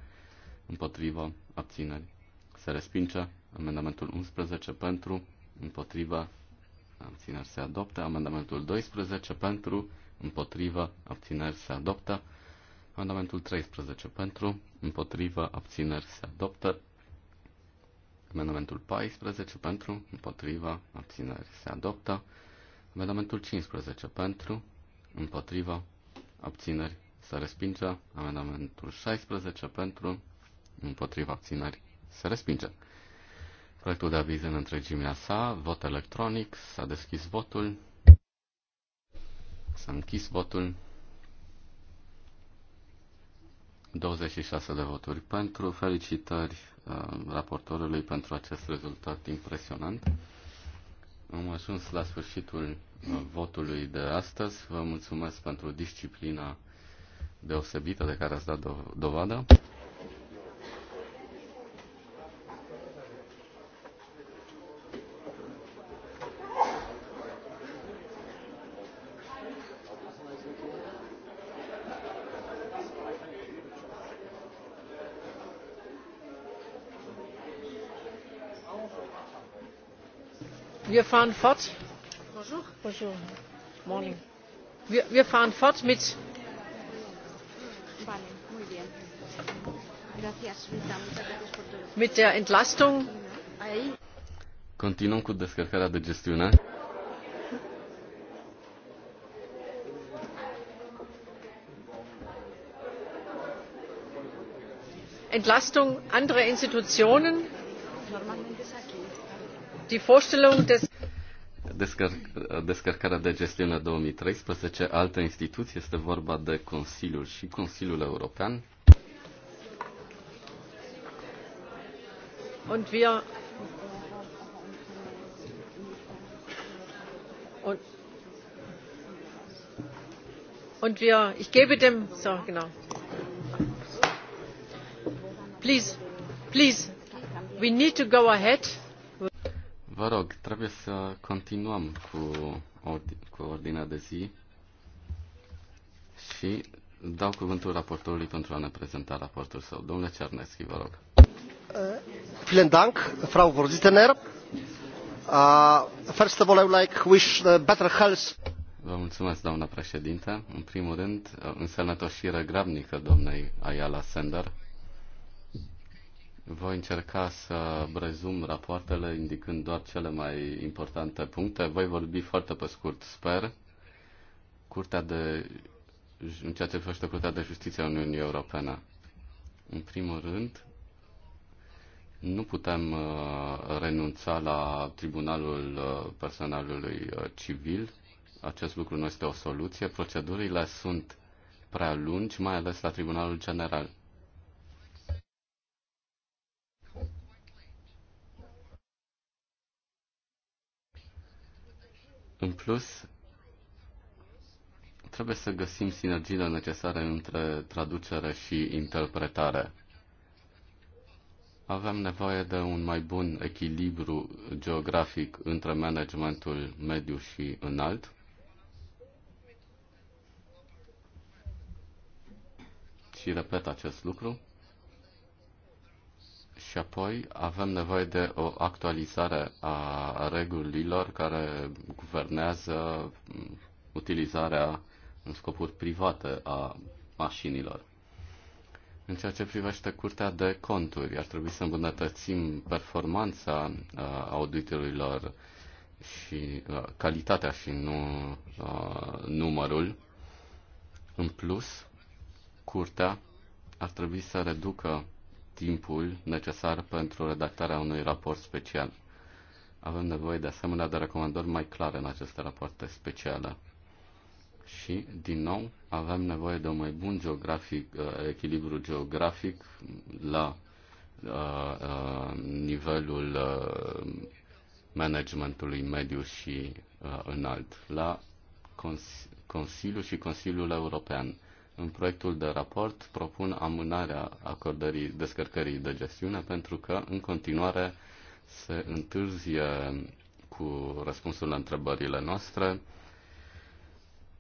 împotriva, abțineri se respinge. Amendamentul 11 pentru, împotriva, abțineri se adoptă. Amendamentul 12 pentru, împotriva, abțineri se adoptă. Amendamentul 13 pentru, împotriva, abțineri se adoptă. Amendamentul 14 pentru, împotriva, abțineri se adoptă. Amendamentul 15 pentru, împotriva, abțineri, se respinge. Amendamentul 16 pentru, împotriva, abțineri, se respinge. Proiectul de aviz în întregimea sa, vot electronic, s-a deschis votul, s-a închis votul. 26 de voturi pentru. Felicitări uh, raportorului pentru acest rezultat impresionant. Am ajuns la sfârșitul votului de astăzi. Vă mulțumesc pentru disciplina deosebită de care ați dat do- dovadă. Wir fahren fort. Wir, fahren fort mit. Mit der Entlastung. Continuăm cu descărcarea de gestiune. Entlastung anderer Institutionen. Die Vorstellung des descărc, descărcarea de gestiune 2013, altă instituție, este vorba de Consiliul și Consiliul European. Und wir und, und wir ich gebe dem so genau please please we need to go ahead Vă rog, trebuie să continuăm cu, ordi- cu ordinea de zi și dau cuvântul raportorului pentru a ne prezenta raportul său. Domnule Cernescu, vă rog. Vielen Dank, Frau Vorsitzender. Uh, first of all, I would like wish the better health. Vă mulțumesc, doamna președinte. În primul rând, uh, însănătoșire grabnică domnei Ayala Sender voi încerca să rezum rapoartele indicând doar cele mai importante puncte. Voi vorbi foarte pe scurt, sper. Curtea de, în ceea ce privește Curtea de Justiție a Uniunii Europene. În primul rând, nu putem uh, renunța la Tribunalul uh, Personalului uh, Civil. Acest lucru nu este o soluție. Procedurile sunt prea lungi, mai ales la Tribunalul General. În plus, trebuie să găsim sinergiile necesare între traducere și interpretare. Avem nevoie de un mai bun echilibru geografic între managementul mediu și înalt. Și repet acest lucru. Și apoi avem nevoie de o actualizare a regulilor care guvernează mm, utilizarea în scopuri private a mașinilor. În ceea ce privește curtea de conturi, ar trebui să îmbunătățim performanța auditorilor și calitatea și nu numărul. În plus, curtea ar trebui să reducă timpul necesar pentru redactarea unui raport special. Avem nevoie de asemenea de recomandări mai clare în aceste rapoarte speciale. Și, din nou, avem nevoie de un mai bun geografic, uh, echilibru geografic la uh, uh, nivelul managementului mediu și înalt, la Consiliu și Consiliul European în proiectul de raport propun amânarea acordării descărcării de gestiune pentru că în continuare se întârzie cu răspunsul la întrebările noastre.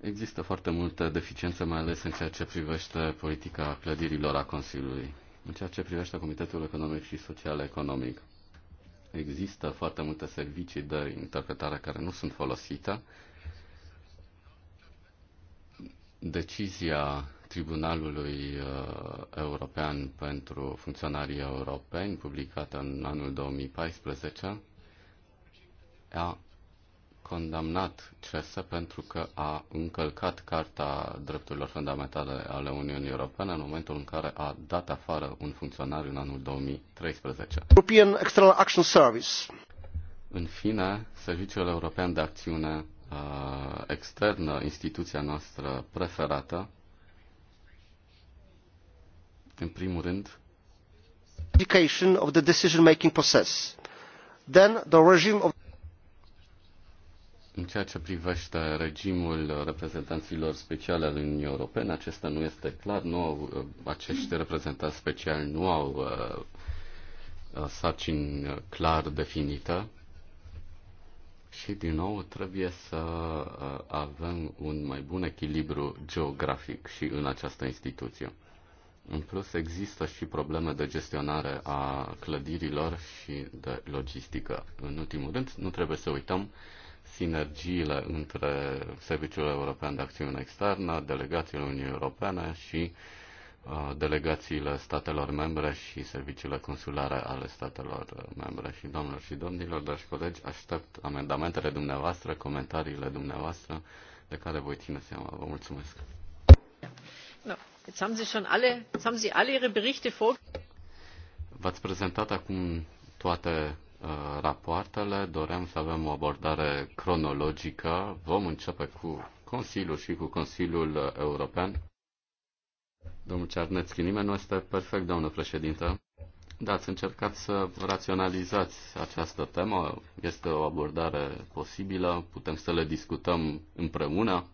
Există foarte multe deficiențe, mai ales în ceea ce privește politica clădirilor a Consiliului, în ceea ce privește Comitetul Economic și Social Economic. Există foarte multe servicii de interpretare care nu sunt folosite Decizia Tribunalului uh, European pentru Funcționarii Europeni, publicată în anul 2014, a condamnat CS pentru că a încălcat Carta Drepturilor Fundamentale ale Uniunii Europene în momentul în care a dat afară un funcționar în anul 2013. European External Action Service. În fine, Serviciul European de Acțiune Uh, externă, instituția noastră preferată, în primul rând, education of the decision making process. Then the regime of în ceea ce privește regimul reprezentanților speciale al Uniunii Europene, acesta nu este clar, nu au, uh, acești reprezentanți speciali nu au uh, uh sarcini clar definită și, din nou, trebuie să uh, avem un mai bun echilibru geografic și în această instituție. În plus, există și probleme de gestionare a clădirilor și de logistică. În ultimul rând, nu trebuie să uităm sinergiile între Serviciul European de Acțiune Externă, delegațiile Uniunii Europene și uh, delegațiile statelor membre și serviciile consulare ale statelor membre. Și domnilor și domnilor, dragi colegi, aștept amendamentele dumneavoastră, comentariile dumneavoastră, de care voi ține seama. Vă mulțumesc. V-ați prezentat acum toate rapoartele. Doream să avem o abordare cronologică. Vom începe cu Consiliul și cu Consiliul European. Domnul Cernețchi, nimeni nu este perfect, domnul președinte. Da, ați încercat să raționalizați această temă. Este o abordare posibilă, putem să le discutăm împreună.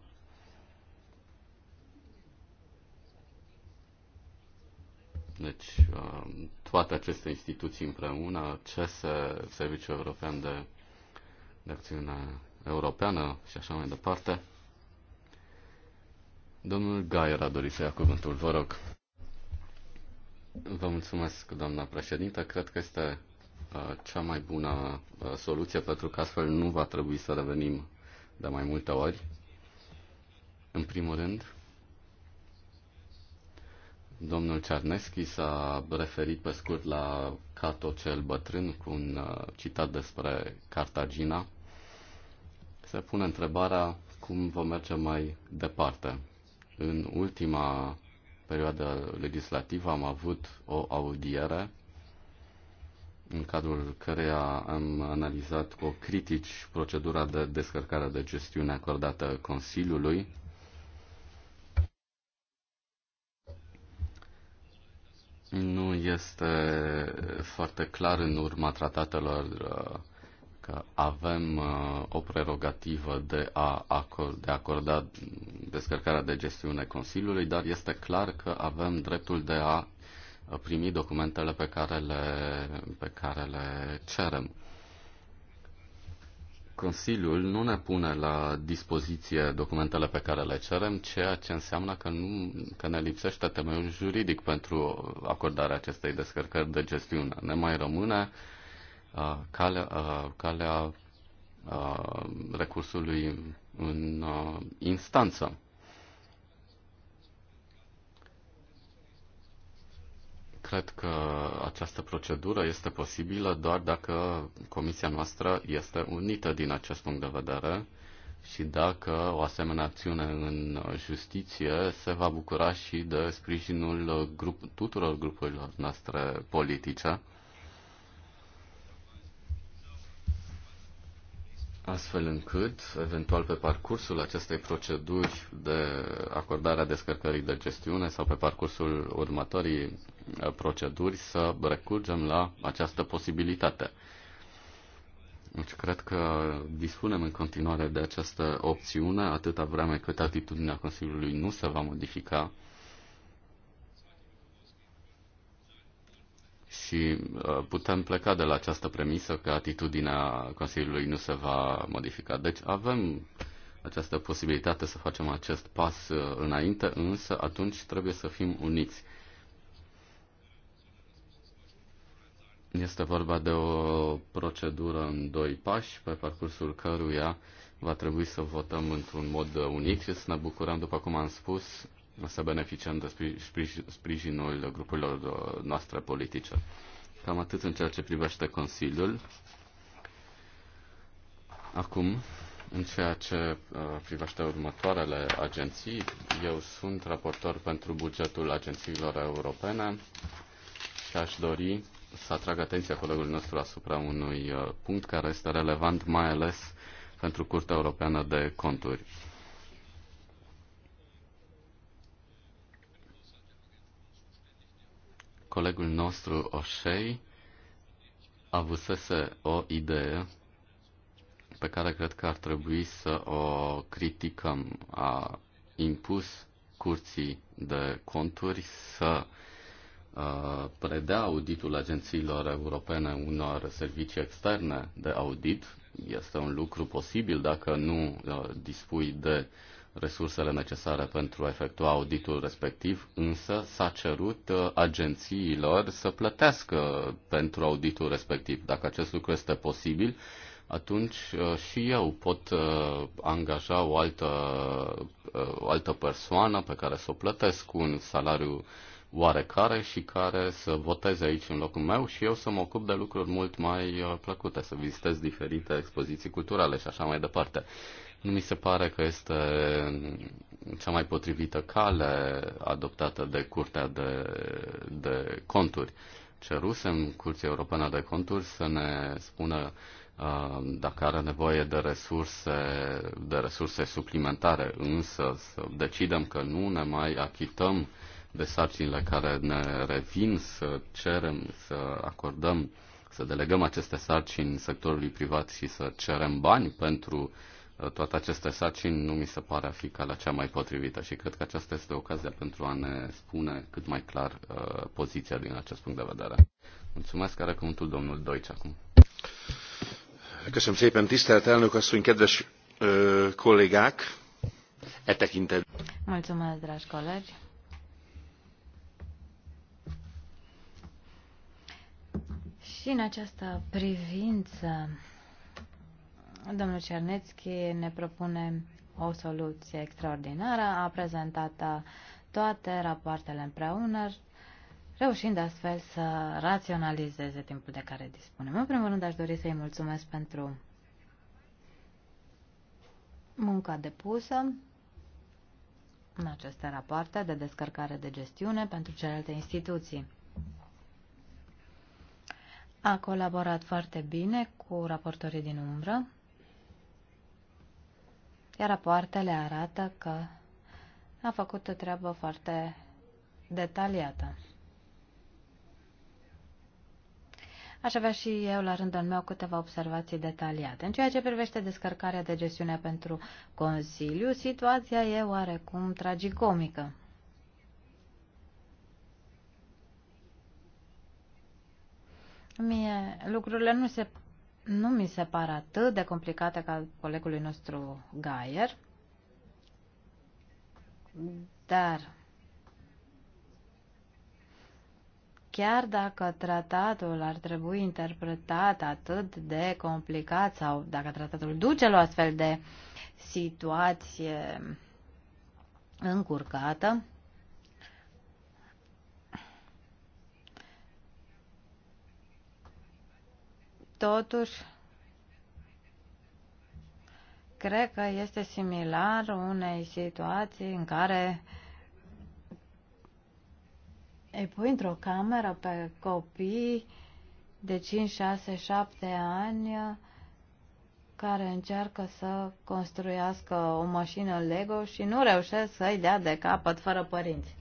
Deci, uh, toate aceste instituții împreună, CESE, Serviciul European de, de Acțiune Europeană și așa mai departe. Domnul Gaier a dorit să ia cuvântul, vă rog. Vă mulțumesc, doamna președintă. Cred că este uh, cea mai bună uh, soluție, pentru că astfel nu va trebui să revenim de mai multe ori. În primul rând, domnul Cerneschi s-a referit pe scurt la Cato cel bătrân cu un uh, citat despre Cartagina. Se pune întrebarea cum vom merge mai departe. În ultima perioadă legislativă am avut o audiere în cadrul căreia am analizat cu critici procedura de descărcare de gestiune acordată Consiliului. Nu este foarte clar în urma tratatelor uh, că avem uh, o prerogativă de a acord, de a acorda descărcarea de gestiune Consiliului, dar este clar că avem dreptul de a primi documentele pe care le, pe care le cerem. Consiliul nu ne pune la dispoziție documentele pe care le cerem, ceea ce înseamnă că, nu, că ne lipsește temeiul juridic pentru acordarea acestei descărcări de gestiune. Ne mai rămâne uh, calea, calea recursului în instanță. Cred că această procedură este posibilă doar dacă comisia noastră este unită din acest punct de vedere și dacă o asemenea acțiune în justiție se va bucura și de sprijinul grup, tuturor grupurilor noastre politice astfel încât, eventual pe parcursul acestei proceduri de acordare a descărcării de gestiune sau pe parcursul următorii uh, proceduri, să recurgem la această posibilitate. Deci cred că dispunem în continuare de această opțiune, atâta vreme cât atitudinea Consiliului nu se va modifica și uh, putem pleca de la această premisă că atitudinea Consiliului nu se va modifica. Deci avem această posibilitate să facem acest pas uh, înainte, însă atunci trebuie să fim uniți. Este vorba de o procedură în doi pași, pe parcursul căruia va trebui să votăm într-un mod unit și să ne bucurăm, după cum am spus, să beneficiem de sprijinul grupurilor uh, noastre politice. Cam atât în ceea ce privește Consiliul. Acum, în ceea ce uh, privește următoarele agenții, eu sunt raportor pentru bugetul agențiilor europene și aș dori să atrag atenția colegului nostru asupra unui uh, punct care este relevant mai ales pentru Curtea Europeană de Conturi. colegul nostru Oșei avusese o idee pe care cred că ar trebui să o criticăm. A impus curții de conturi să predea auditul agențiilor europene unor servicii externe de audit. Este un lucru posibil dacă nu dispui de uh, resursele necesare pentru a efectua auditul respectiv, însă s-a cerut uh, agențiilor să plătească pentru auditul respectiv. Dacă acest lucru este posibil, atunci uh, și eu pot uh, angaja o altă, o altă persoană pe care să o plătesc cu un salariu oarecare și care să voteze aici în locul meu și eu să mă ocup de lucruri mult mai plăcute, să vizitez diferite expoziții culturale și așa mai departe. Nu mi se pare că este cea mai potrivită cale adoptată de Curtea de, de Conturi. Cerusem Curții Europene de Conturi să ne spună uh, dacă are nevoie de resurse, de resurse suplimentare, însă să decidem că nu ne mai achităm de sarcinile care ne revin, să cerem, să acordăm, să delegăm aceste sarcini sectorului privat și să cerem bani pentru uh, toate aceste sarcini nu mi se pare a fi la cea mai potrivită și cred că aceasta este ocazia pentru a ne spune cât mai clar uh, poziția din acest punct de vedere. Mulțumesc, are cuvântul domnul Doici acum. Köszönöm szépen, tisztelt elnök asszony, kedves ö, kollégák, e tekintet. Mulțumesc, dragi colegi. Și în această privință Domnul Cernețchi ne propune o soluție extraordinară, a prezentat toate rapoartele împreună, reușind astfel să raționalizeze timpul de care dispunem. În primul rând aș dori să-i mulțumesc pentru munca depusă în aceste rapoarte de descărcare de gestiune pentru celelalte instituții. A colaborat foarte bine cu raportorii din umbră iar rapoartele arată că a făcut o treabă foarte detaliată. Aș avea și eu la rândul meu câteva observații detaliate. În ceea ce privește descărcarea de gestiune pentru Consiliu, situația e oarecum tragicomică. Mie lucrurile nu se nu mi se pare atât de complicată ca colegului nostru Gaier, dar chiar dacă tratatul ar trebui interpretat atât de complicat sau dacă tratatul duce la o astfel de situație încurcată, Totuși, cred că este similar unei situații în care îi pui într-o cameră pe copii de 5, 6, 7 ani care încearcă să construiască o mașină Lego și nu reușesc să-i dea de capăt fără părinți.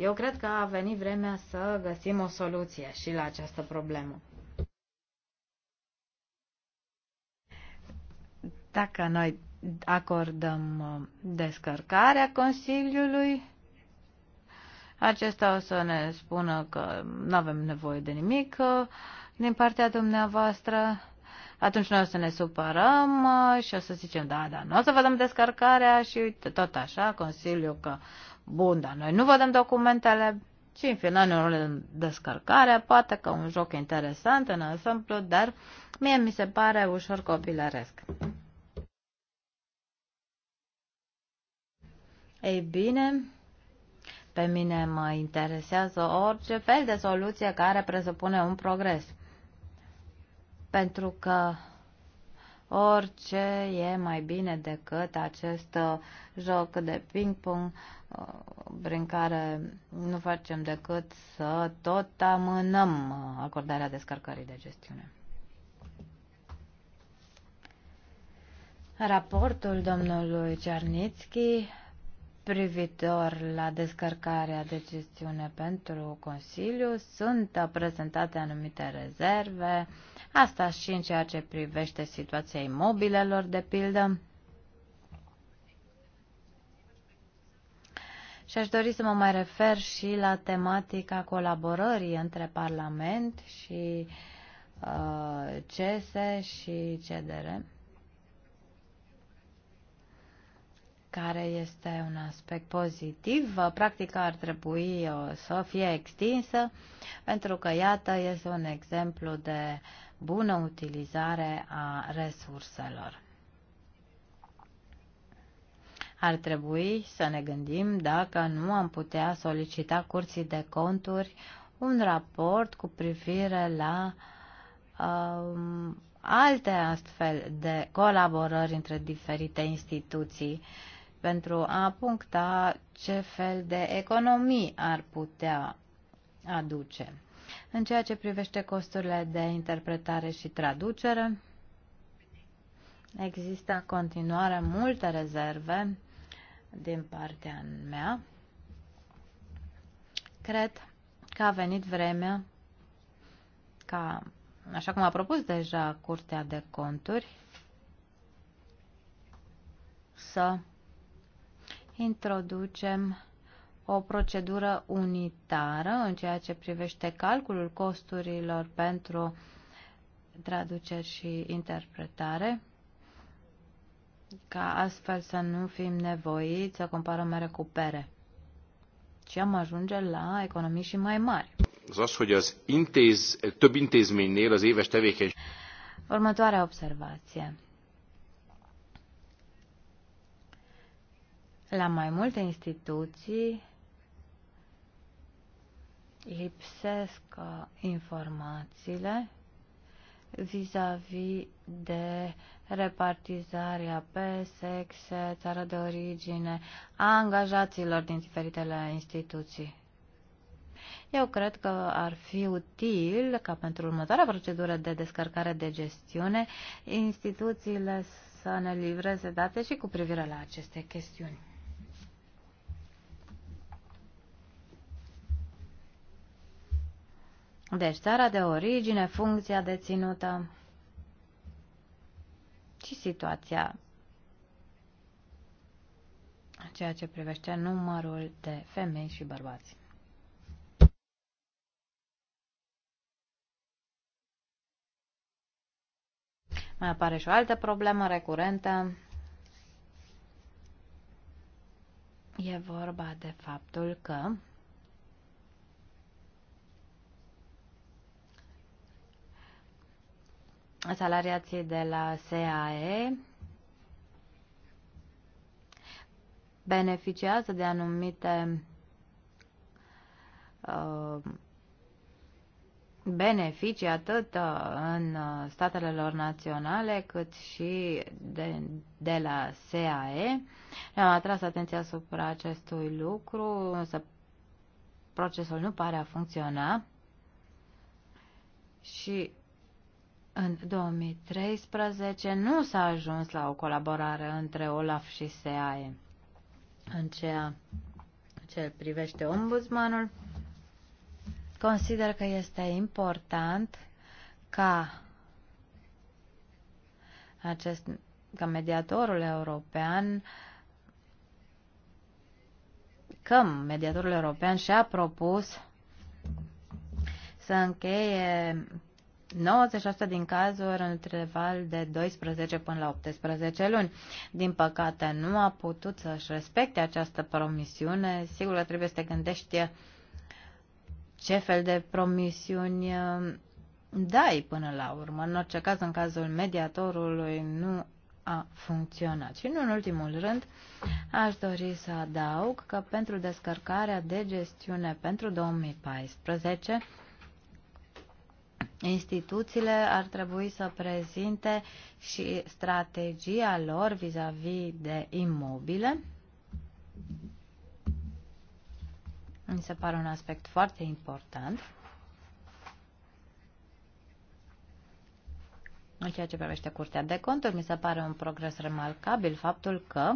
Eu cred că a venit vremea să găsim o soluție și la această problemă. Dacă noi acordăm uh, descărcarea Consiliului, acesta o să ne spună că nu avem nevoie de nimic uh, din partea dumneavoastră. Atunci noi o să ne supărăm uh, și o să zicem, da, da, nu o să vă dăm descărcarea și uite, tot așa, Consiliul că Bun, dar noi nu vedem documentele ci în final în descărcare, poate că un joc interesant în ansamblu, dar mie mi se pare ușor copilăresc. Ei bine, pe mine mă interesează orice fel de soluție care presupune un progres. Pentru că Orice e mai bine decât acest uh, joc de ping-pong uh, prin care nu facem decât să tot amânăm uh, acordarea descărcării de gestiune. Raportul domnului Cernițchi privitor la descărcarea de gestiune pentru Consiliu sunt prezentate anumite rezerve Asta și în ceea ce privește situația imobilelor, de pildă. Și aș dori să mă mai refer și la tematica colaborării între Parlament și uh, CESE și CDR, care este un aspect pozitiv. Practica ar trebui uh, să fie extinsă, pentru că, iată, este un exemplu de bună utilizare a resurselor. Ar trebui să ne gândim dacă nu am putea solicita curții de conturi un raport cu privire la um, alte astfel de colaborări între diferite instituții pentru a puncta ce fel de economii ar putea aduce. În ceea ce privește costurile de interpretare și traducere, există în continuare multe rezerve din partea mea. Cred că a venit vremea ca, așa cum a propus deja Curtea de Conturi, să introducem o procedură unitară în ceea ce privește calculul costurilor pentru traduceri și interpretare, ca astfel să nu fim nevoiți să comparăm mere cu pere și am ajunge la economii și mai mari. Următoarea observație. La mai multe instituții lipsesc uh, informațiile vis-a-vis -vis de repartizarea pe sexe, țară de origine, a angajaților din diferitele instituții. Eu cred că ar fi util ca pentru următoarea procedură de descărcare de gestiune instituțiile să ne livreze date și cu privire la aceste chestiuni. Deci, țara de origine, funcția deținută și situația ceea ce privește numărul de femei și bărbați. Mai apare și o altă problemă recurentă. E vorba de faptul că salariații de la SAE beneficiază de anumite uh, beneficii atât uh, în statele lor naționale cât și de, de la SAE. Ne-am atras atenția asupra acestui lucru, însă procesul nu pare a funcționa și în 2013 nu s-a ajuns la o colaborare între OLAF și SEAE. În ceea ce privește ombudsmanul, consider că este important ca acest ca mediatorul european că mediatorul european și-a propus să încheie 96% din cazuri în interval de 12 până la 18 luni. Din păcate, nu a putut să-și respecte această promisiune. Sigur că trebuie să te gândești ce fel de promisiuni uh, dai până la urmă. În orice caz, în cazul mediatorului, nu a funcționat. Și nu în ultimul rând, aș dori să adaug că pentru descărcarea de gestiune pentru 2014, instituțiile ar trebui să prezinte și strategia lor vis-a-vis -vis de imobile. Mi se pare un aspect foarte important. În ceea ce privește Curtea de Conturi, mi se pare un progres remarcabil faptul că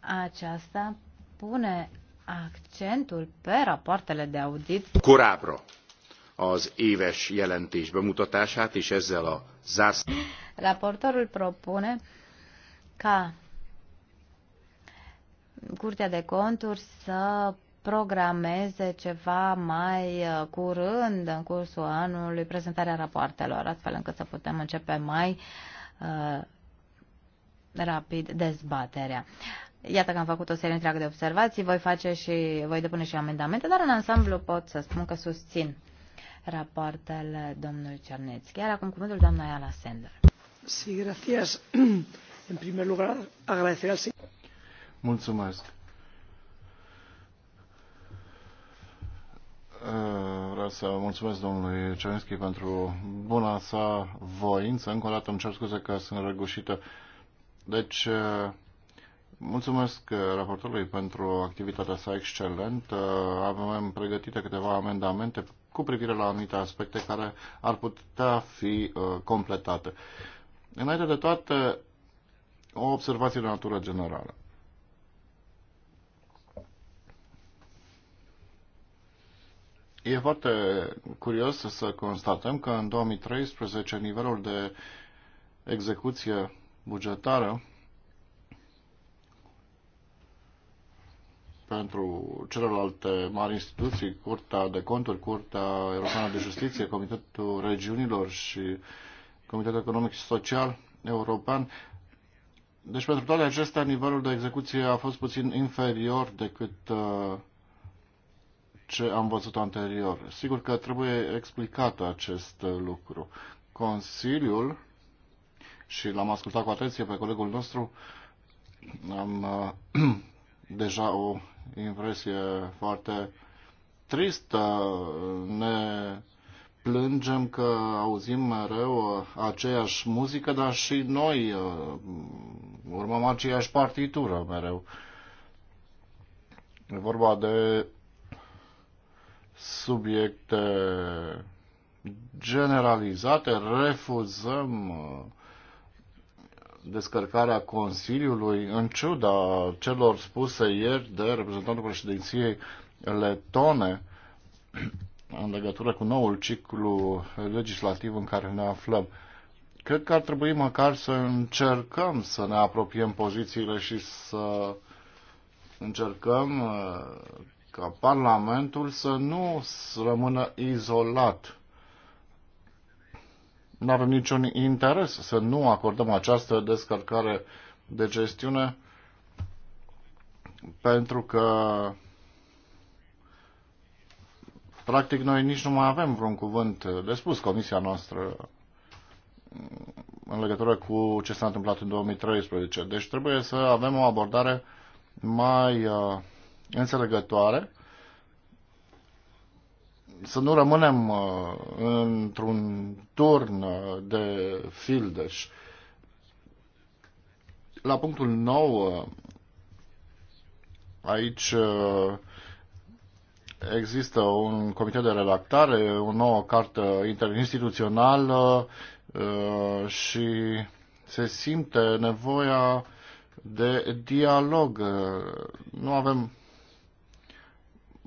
aceasta pune accentul pe rapoartele de audit. Curabro az éves jelentés bemutatását, és ezzel a zársz... Raportorul propune ca Curtea de Conturi să programeze ceva mai uh, curând în cursul anului prezentarea rapoartelor, astfel încât să putem începe mai uh, rapid dezbaterea. Iată că am făcut o serie întreagă de observații, voi face și voi depune și amendamente, dar în ansamblu pot să spun că susțin rapoartele domnului Cernețchi. Iar acum cuvântul doamna Iala Sender. Sí, gracias. În primer lugar, agradecer al Mulțumesc. Eh, vreau să mulțumesc domnului Cerneschi pentru buna sa voință. Încă o dată îmi cer scuze că sunt răgușită. Deci, eh, Mulțumesc eh, raportorului pentru activitatea sa excelentă. Avem pregătite câteva amendamente cu privire la anumite aspecte care ar putea fi uh, completate. Înainte de toate, o observație de natură generală. E foarte curios să constatăm că în 2013 nivelul de execuție bugetară pentru celelalte mari instituții, Curtea de Conturi, Curtea Europeană de Justiție, Comitetul Regiunilor și Comitetul Economic și Social European. Deci pentru toate acestea nivelul de execuție a fost puțin inferior decât uh, ce am văzut anterior. Sigur că trebuie explicat acest lucru. Consiliul, și l-am ascultat cu atenție pe colegul nostru, am uh, deja o impresie foarte tristă. Ne plângem că auzim mereu aceeași muzică, dar și noi uh, urmăm aceeași partitură mereu. E vorba de subiecte generalizate, refuzăm uh, descărcarea Consiliului, în ciuda celor spuse ieri de reprezentantul președinției letone în legătură cu noul ciclu legislativ în care ne aflăm. Cred că ar trebui măcar să încercăm să ne apropiem pozițiile și să încercăm uh, ca Parlamentul să nu rămână izolat nu avem niciun interes să nu acordăm această descărcare de gestiune pentru că practic noi nici nu mai avem vreun cuvânt de spus comisia noastră în legătură cu ce s-a întâmplat în 2013. Deci trebuie să avem o abordare mai uh, înțelegătoare să nu rămânem uh, într-un turn uh, de fildeș. La punctul nou, uh, aici există un comitet de redactare, o nouă carte interinstituțională și se simte nevoia de dialog. Nu avem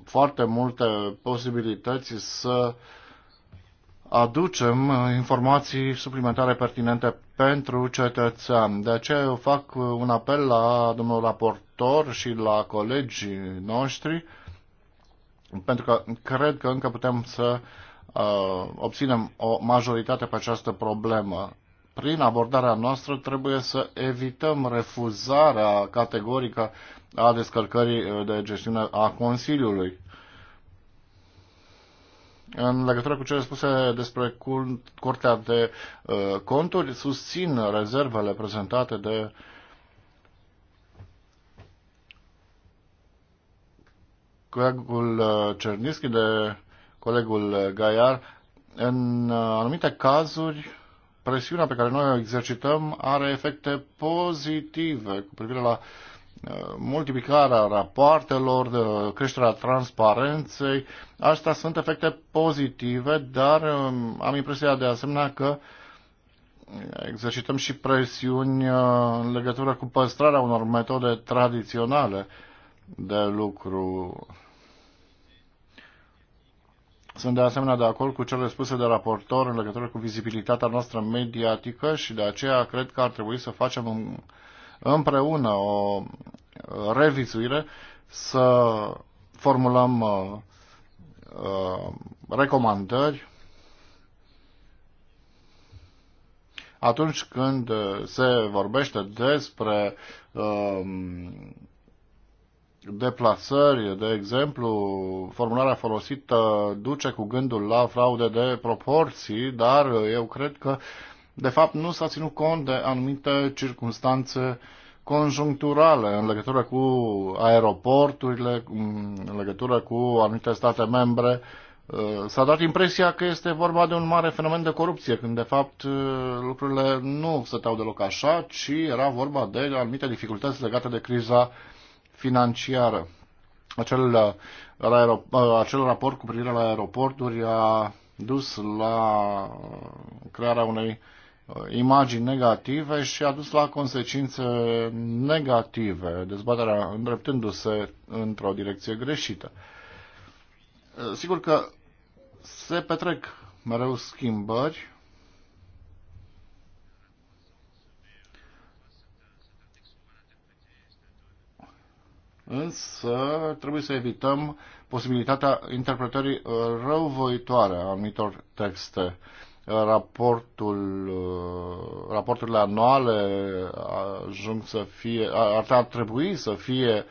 foarte multe posibilități să aducem informații suplimentare pertinente pentru cetățean. De aceea eu fac un apel la domnul raportor și la colegii noștri, pentru că cred că încă putem să uh, obținem o majoritate pe această problemă. Prin abordarea noastră trebuie să evităm refuzarea categorică uh, a descărcării uh, de gestiune a Consiliului. În legătură cu cele spuse despre Curtea de uh, Conturi, susțin rezervele prezentate de colegul uh, Cernischi, de colegul Gaiar. În anumite cazuri, presiunea pe care noi o exercităm are efecte pozitive cu privire la uh, Uh, multiplicarea rapoartelor, uh, creșterea transparenței. Astea sunt efecte pozitive, dar um, am impresia de asemenea că exercităm și presiuni uh, în legătură cu păstrarea unor metode tradiționale de lucru. Sunt de asemenea de acord cu cele spuse de raportor în legătură cu vizibilitatea noastră mediatică și de aceea cred că ar trebui să facem un împreună o uh, revizuire, să formulăm uh, uh, recomandări atunci când se vorbește despre um, deplasări, de exemplu, formularea folosită duce cu gândul la fraude de proporții, dar eu cred că de fapt, nu s-a ținut cont de anumite circunstanțe conjuncturale în legătură cu aeroporturile, în legătură cu anumite state membre. Uh, s-a dat impresia că este vorba de un mare fenomen de corupție, când de fapt uh, lucrurile nu stăteau deloc așa, ci era vorba de anumite dificultăți legate de criza financiară. Acel, uh, acel raport cu privire la aeroporturi a dus la crearea unei Uh, imagini negative și a dus la consecințe negative, dezbaterea îndreptându-se într-o direcție greșită. Uh, sigur că se petrec mereu schimbări. Însă trebuie să evităm posibilitatea interpretării răuvoitoare a anumitor texte raportul, uh, raporturile anuale ajung să fie, ar, ar trebui să fie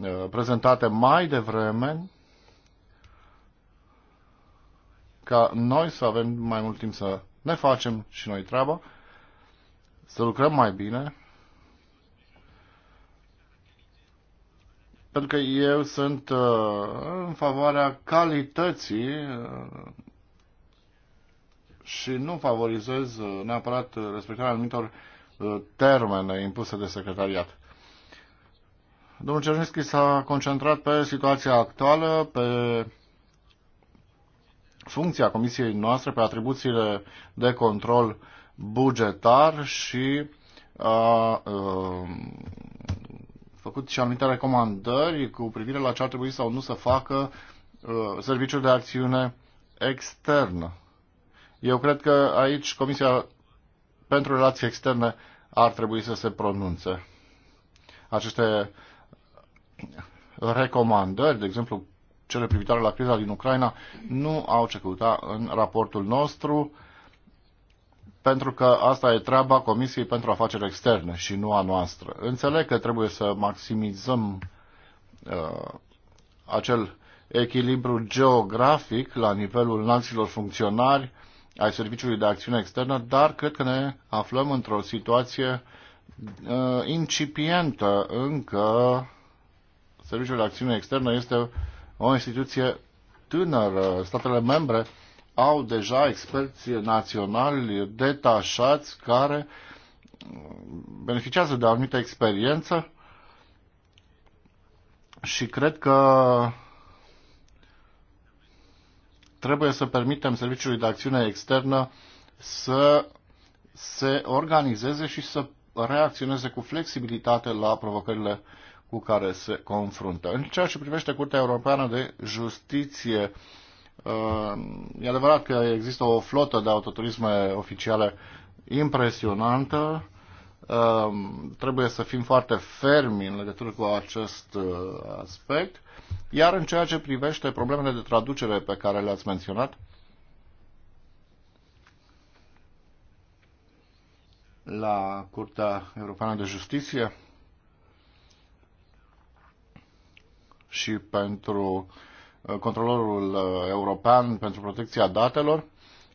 uh, prezentate mai devreme ca noi să avem mai mult timp să ne facem și noi treaba, să lucrăm mai bine, pentru că eu sunt uh, în favoarea calității și nu favorizez uh, neapărat uh, respectarea anumitor uh, termene impuse de secretariat. Domnul Cernischi s-a concentrat pe situația actuală, pe funcția comisiei noastre, pe atribuțiile de control bugetar și a, a, făcut și anumite recomandări cu privire la ce ar trebui sau nu să facă a, serviciul de acțiune externă. Eu cred că aici Comisia pentru Relații Externe ar trebui să se pronunțe. Aceste recomandări, de exemplu, cele privitoare la criza din Ucraina, nu au ce căuta în raportul nostru, pentru că asta e treaba Comisiei pentru Afaceri Externe și nu a noastră. Înțeleg că trebuie să maximizăm uh, acel echilibru geografic la nivelul națiilor funcționari, ai Serviciului de Acțiune Externă, dar cred că ne aflăm într-o situație uh, incipientă încă. Serviciul de Acțiune Externă este o instituție tânără. Statele membre au deja experți naționali detașați care uh, beneficiază de o anumită experiență și cred că trebuie să permitem Serviciului de Acțiune Externă să se organizeze și să reacționeze cu flexibilitate la provocările cu care se confruntă. În ceea ce privește Curtea Europeană de Justiție, uh, e adevărat că există o flotă de autoturisme oficiale impresionantă, Um, trebuie să fim foarte fermi în legătură cu acest uh, aspect. Iar în ceea ce privește problemele de traducere pe care le-ați menționat, la Curtea Europeană de Justiție și pentru uh, controlorul uh, european pentru protecția datelor,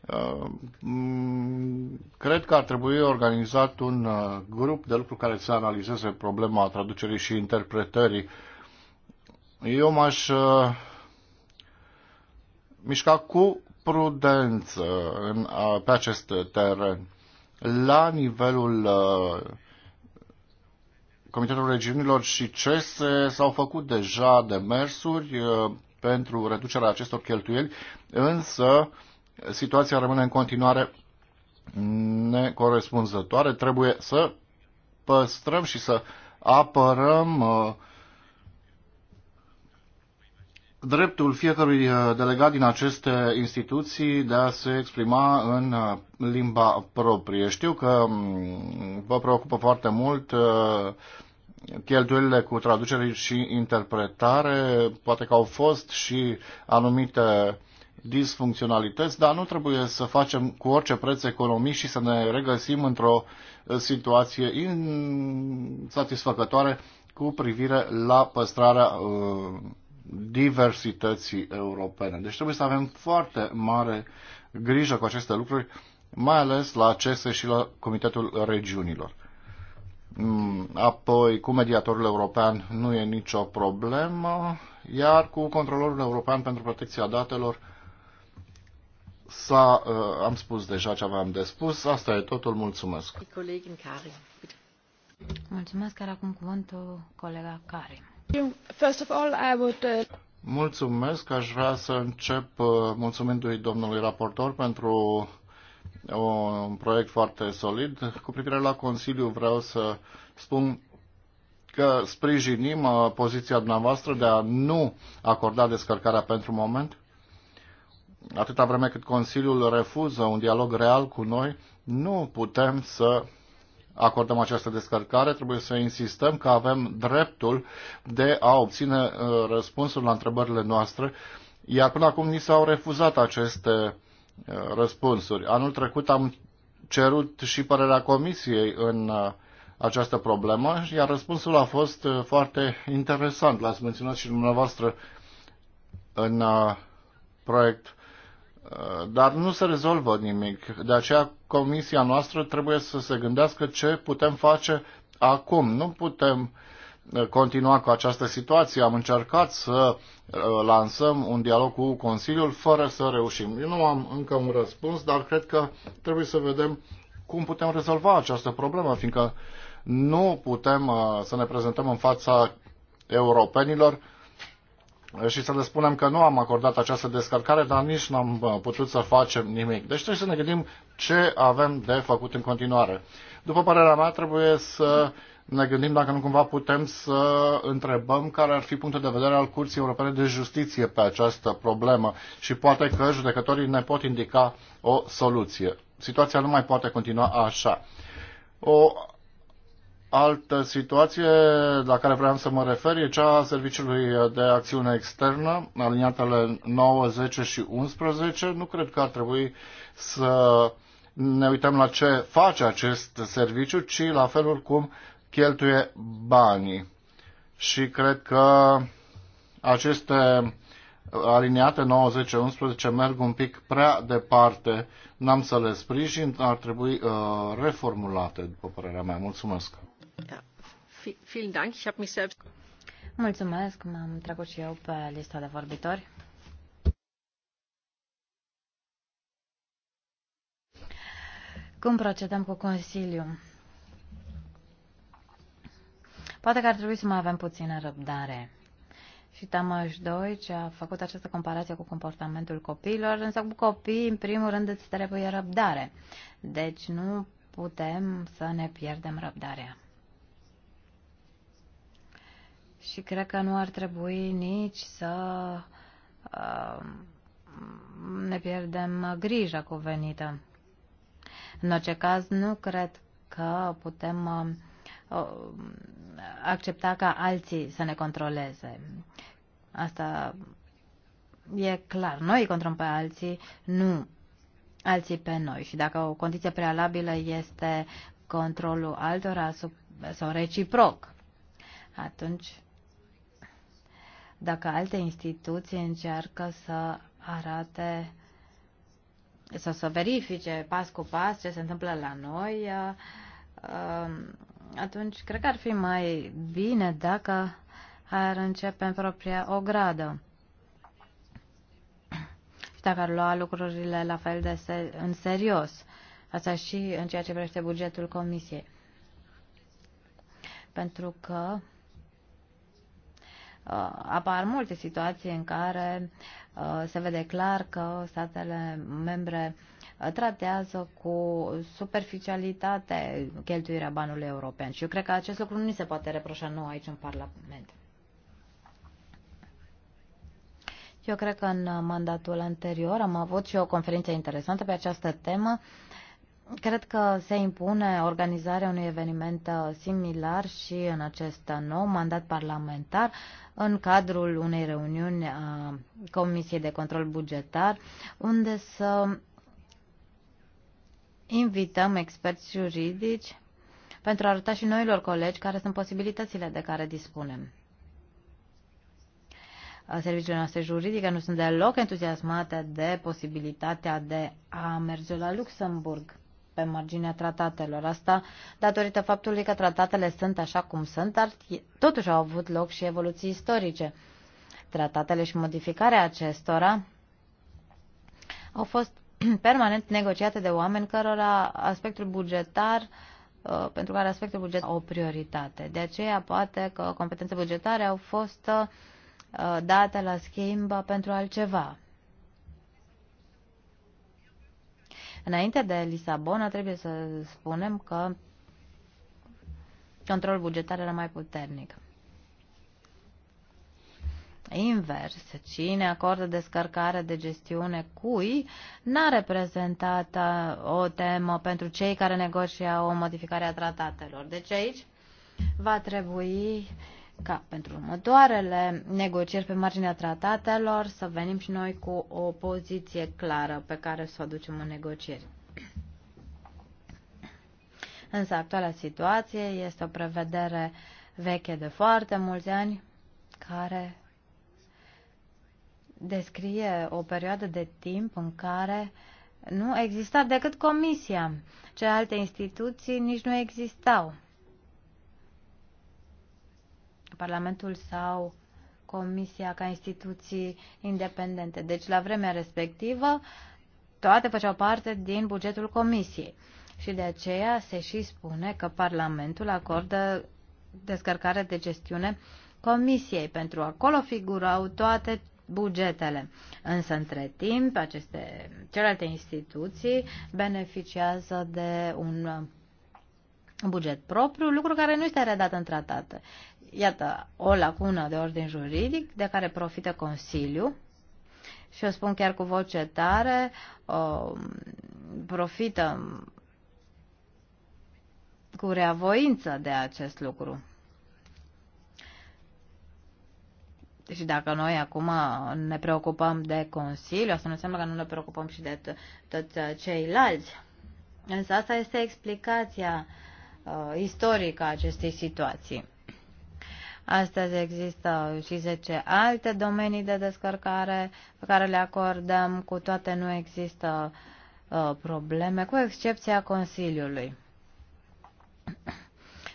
Uh, mm, cred că ar trebui organizat un uh, grup de lucru care să analizeze problema traducerii și interpretării. Eu m-aș uh, mișca cu prudență în, pe acest teren. La nivelul Comitetul Regiunilor și CESE s-au făcut deja demersuri pentru reducerea acestor cheltuieli, însă uh, situația rămâne în continuare necorespunzătoare. Trebuie să păstrăm și să apărăm uh, dreptul fiecărui uh, delegat din aceste instituții de a se exprima în uh, limba proprie. Știu că mm, vă preocupă foarte mult cheltuielile cu traducere și interpretare. Poate că au fost și anumite disfuncționalități, dar nu trebuie să facem cu orice preț economii și să ne regăsim într-o uh, situație insatisfăcătoare cu privire la păstrarea uh, diversității europene. Deci trebuie să avem foarte mare grijă cu aceste lucruri, mai ales la CESE și la Comitetul Regiunilor. Mm, apoi, cu mediatorul european nu e nicio problemă, iar cu controlorul european pentru protecția datelor S-a, uh, am spus deja ce aveam de spus. Asta e totul. Mulțumesc. Mulțumesc, care acum cuvântul colega Karim. First of all, I would, uh, Mulțumesc. Aș vrea să încep uh, mulțumindu-i domnului raportor pentru un proiect foarte solid. Cu privire la Consiliu vreau să spun că sprijinim poziția dumneavoastră de a nu acorda descărcarea pentru moment atâta vreme cât Consiliul refuză un dialog real cu noi, nu putem să acordăm această descărcare, trebuie să insistăm că avem dreptul de a obține uh, răspunsuri la întrebările noastre, iar până acum ni s-au refuzat aceste uh, răspunsuri. Anul trecut am cerut și părerea Comisiei în uh, această problemă, iar răspunsul a fost foarte interesant. L-ați menționat și dumneavoastră în proiect dar nu se rezolvă nimic. De aceea comisia noastră trebuie să se gândească ce putem face acum. Nu putem uh, continua cu această situație. Am încercat să uh, lansăm un dialog cu Consiliul fără să reușim. Eu nu am încă un răspuns, dar cred că trebuie să vedem cum putem rezolva această problemă, fiindcă nu putem uh, să ne prezentăm în fața europenilor și să le spunem că nu am acordat această descărcare, dar nici n-am uh, putut să facem nimic. Deci trebuie să ne gândim ce avem de făcut în continuare. După părerea mea, trebuie să ne gândim dacă nu cumva putem să întrebăm care ar fi punctul de vedere al Curții Europene de Justiție pe această problemă și poate că judecătorii ne pot indica o soluție. Situația nu mai poate continua așa. O Altă situație la care vreau să mă refer e cea a Serviciului de Acțiune Externă, aliniatele 9, 10 și 11. Nu cred că ar trebui să ne uităm la ce face acest serviciu, ci la felul cum cheltuie banii. Și cred că aceste aliniate 10, 11 merg un pic prea departe, n-am să le sprijin, ar trebui uh, reformulate, după părerea mea. Mulțumesc! Mulțumesc, m-am trecut și eu pe lista de vorbitori. Cum procedăm cu Consiliul? Poate că ar trebui să mai avem puțină răbdare. Și Tamaș 2, ce a făcut această comparație cu comportamentul copiilor, însă cu copiii, în primul rând, îți trebuie răbdare. Deci nu putem să ne pierdem răbdarea. Și cred că nu ar trebui nici să uh, ne pierdem grija cuvenită. În orice caz, nu cred că putem uh, uh accepta ca alții să ne controleze. Asta e clar. Noi îi controlăm pe alții, nu alții pe noi. Și dacă o condiție prealabilă este controlul altora sau reciproc, atunci dacă alte instituții încearcă să arate sau să verifice pas cu pas ce se întâmplă la noi, uh, um, atunci cred că ar fi mai bine dacă ar începe în propria ogradă. Și dacă ar lua lucrurile la fel de ser- în serios. Asta și în ceea ce privește bugetul Comisiei. Pentru că Uh, apar multe situații în care uh, se vede clar că statele membre uh, tratează cu superficialitate cheltuirea banului european. Și eu cred că acest lucru nu ni se poate reproșa nou aici în Parlament. Eu cred că în mandatul anterior am avut și o conferință interesantă pe această temă Cred că se impune organizarea unui eveniment uh, similar și în acest nou mandat parlamentar în cadrul unei reuniuni a Comisiei de Control Bugetar, unde să invităm experți juridici pentru a arăta și noilor colegi care sunt posibilitățile de care dispunem. Uh, serviciile noastre juridice nu sunt deloc entuziasmate de posibilitatea de a merge la Luxemburg pe marginea tratatelor. Asta datorită faptului că tratatele sunt așa cum sunt, dar totuși au avut loc și evoluții istorice. Tratatele și modificarea acestora au fost permanent negociate de oameni cărora aspectul bugetar uh, pentru care aspectul bugetar o prioritate. De aceea poate că competențe bugetare au fost uh, date la schimb pentru altceva. Înainte de Lisabona, trebuie să spunem că controlul bugetar era mai puternic. Invers, cine acordă descărcare de gestiune cui n-a reprezentat uh, o temă pentru cei care negociau o modificare a tratatelor. Deci aici va trebui ca pentru următoarele negocieri pe marginea tratatelor să venim și noi cu o poziție clară pe care să o aducem în negocieri. Însă actuala situație este o prevedere veche de foarte mulți ani care descrie o perioadă de timp în care nu exista decât comisia. Celelalte instituții nici nu existau. Parlamentul sau Comisia ca instituții independente. Deci, la vremea respectivă, toate făceau parte din bugetul Comisiei. Și de aceea se și spune că Parlamentul acordă descărcare de gestiune Comisiei, pentru acolo figurau toate bugetele. Însă, între timp, aceste celelalte instituții beneficiază de un buget propriu, lucru care nu este redat în tratate iată, o lacună de ordin juridic de care profită Consiliul și o spun chiar cu voce tare, o, profită cu reavoință de acest lucru. Și dacă noi acum ne preocupăm de Consiliu, asta nu înseamnă că nu ne preocupăm și de toți ceilalți. Însă asta este explicația uh, istorică a acestei situații. Astăzi există și 10 alte domenii de descărcare pe care le acordăm. Cu toate nu există uh, probleme, cu excepția Consiliului.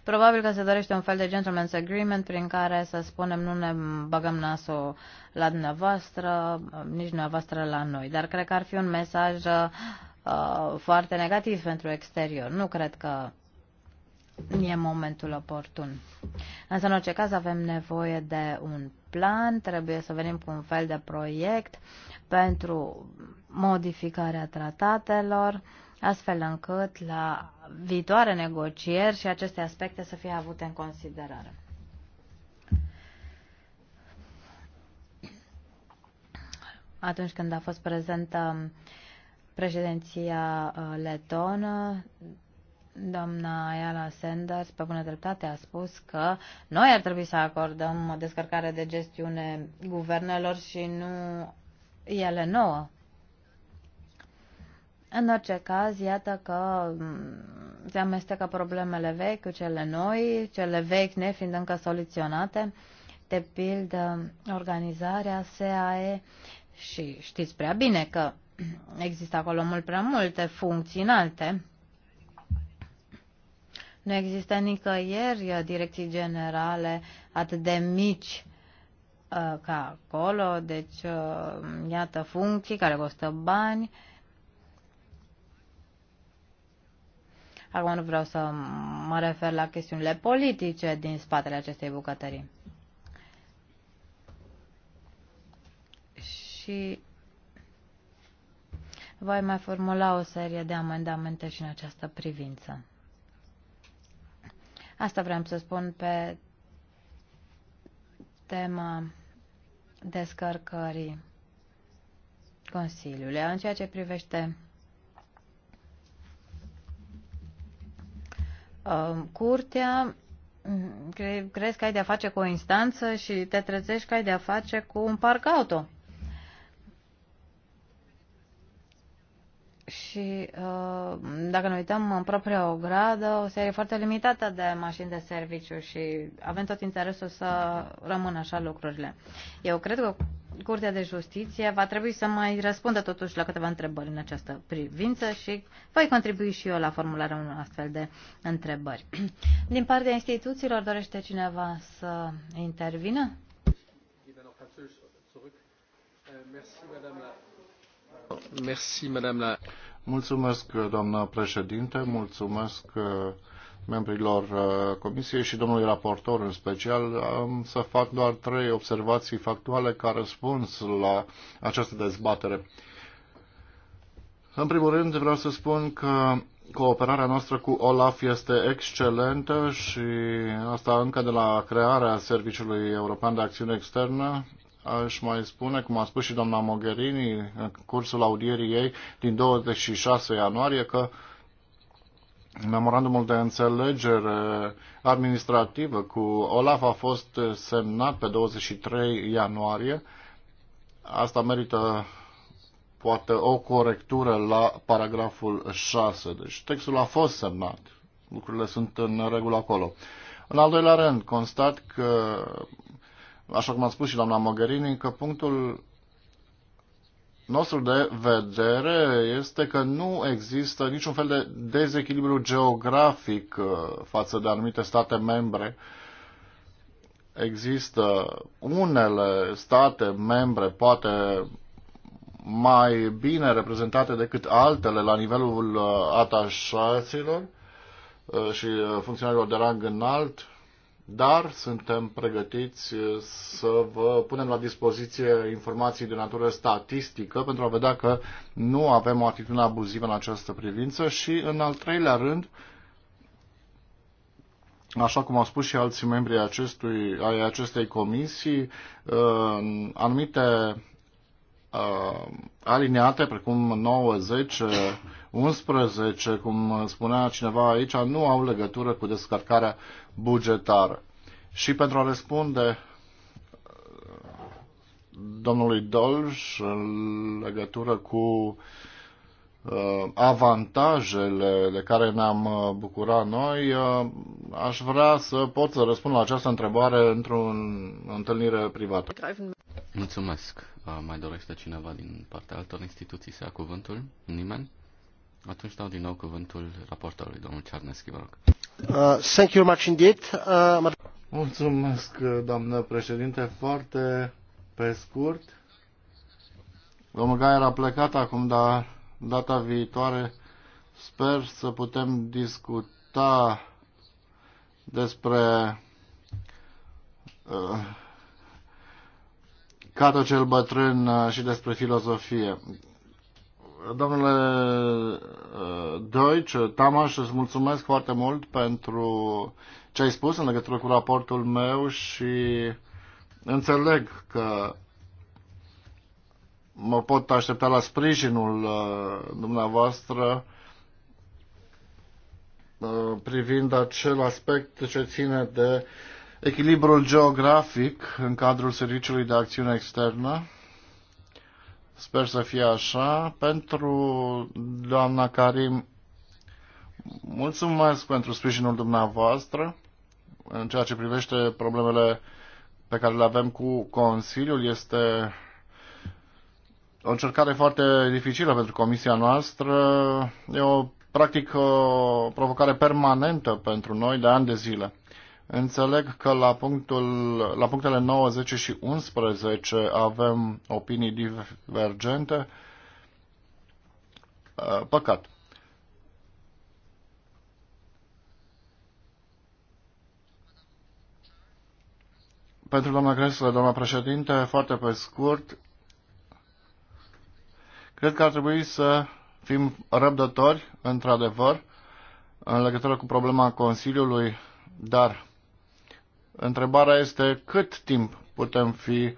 Probabil că se dorește un fel de gentleman's agreement prin care să spunem nu ne băgăm nasul la dumneavoastră, nici dumneavoastră la noi. Dar cred că ar fi un mesaj uh, foarte negativ pentru exterior. Nu cred că e momentul oportun. Însă, în orice caz, avem nevoie de un plan, trebuie să venim cu un fel de proiect pentru modificarea tratatelor, astfel încât la viitoare negocieri și aceste aspecte să fie avute în considerare. Atunci când a fost prezentă președinția uh, letonă, Doamna Ayala Sanders, pe bună dreptate, a spus că noi ar trebui să acordăm o descărcare de gestiune guvernelor și nu ele nouă. În orice caz, iată că mm, se amestecă problemele vechi cu cele noi, cele vechi nefiind încă soluționate, de pildă organizarea SAE și știți prea bine că există acolo mult prea multe funcții înalte nu există nicăieri uh, direcții generale atât de mici uh, ca acolo, deci uh, iată funcții care costă bani. Acum nu vreau să mă refer la chestiunile politice din spatele acestei bucătării. Și voi mai formula o serie de amendamente și în această privință. Asta vreau să spun pe tema descărcării Consiliului. În ceea ce privește uh, curtea, crezi că ai de-a face cu o instanță și te trezești că ai de-a face cu un parc auto. Și uh, dacă ne uităm în propria ogradă, o serie foarte limitată de mașini de serviciu și avem tot interesul să rămână așa lucrurile. Eu cred că Curtea de Justiție va trebui să mai răspundă totuși la câteva întrebări în această privință și voi contribui și eu la formularea unor astfel de întrebări. Din partea instituțiilor, dorește cineva să intervină? Merci, Madame la Mulțumesc, doamna președinte, mulțumesc uh, membrilor uh, comisiei și domnului raportor în special. Am să fac doar trei observații factuale ca răspuns la această dezbatere. În primul rând vreau să spun că cooperarea noastră cu OLAF este excelentă și asta încă de la crearea Serviciului European de Acțiune Externă aș mai spune, cum a spus și doamna Mogherini în cursul audierii ei din 26 ianuarie, că memorandumul de înțelegere administrativă cu Olaf a fost semnat pe 23 ianuarie. Asta merită poate o corectură la paragraful 6. Deci textul a fost semnat. Lucrurile sunt în regulă acolo. În al doilea rând, constat că așa cum a spus și doamna Mogherini, că punctul nostru de vedere este că nu există niciun fel de dezechilibru geografic uh, față de anumite state membre. Există unele state membre, poate mai bine reprezentate decât altele la nivelul uh, atașaților uh, și funcționarilor de rang înalt, dar suntem pregătiți eh, să vă punem la dispoziție informații de natură statistică pentru a vedea că nu avem o atitudine abuzivă în această privință și, în al treilea rând, așa cum au spus și alții membri acestui, ai acestei comisii, eh, anumite eh, alineate, precum 9, 10, 11, cum spunea cineva aici, nu au legătură cu descărcarea bugetară. Și pentru a răspunde uh, domnului Dolj în legătură cu uh, avantajele de care ne-am uh, bucurat noi, uh, aș vrea să pot să răspund la această întrebare într-o întâlnire privată. Mulțumesc. Uh, mai dorește cineva din partea altor instituții să ia cuvântul? Nimeni? Atunci dau din nou cuvântul raportorului, domnul Cernescu, vă rog. Uh, thank you much indeed. Uh, Mulțumesc, doamnă președinte. Foarte pe scurt. Domnul Gaier a plecat acum, dar data viitoare sper să putem discuta despre uh, Cato cel bătrân uh, și despre filozofie. Domnule uh, Deutsch, Tamaș, îți mulțumesc foarte mult pentru ce ai spus în legătură cu raportul meu și înțeleg că mă pot aștepta la sprijinul uh, dumneavoastră uh, privind acel aspect ce ține de echilibrul geografic în cadrul Serviciului de Acțiune Externă. Sper să fie așa. Pentru doamna Karim, mulțumesc pentru sprijinul dumneavoastră în ceea ce privește problemele pe care le avem cu Consiliul. Este o încercare foarte dificilă pentru comisia noastră. E o, practic o provocare permanentă pentru noi de ani de zile. Înțeleg că la, punctul, la punctele 9, 10 și 11 avem opinii divergente. Uh, păcat. Pentru doamna Cresle, doamna președinte, foarte pe scurt, cred că ar trebui să fim răbdători, într-adevăr, în legătură cu problema Consiliului, dar Întrebarea este cât timp putem fi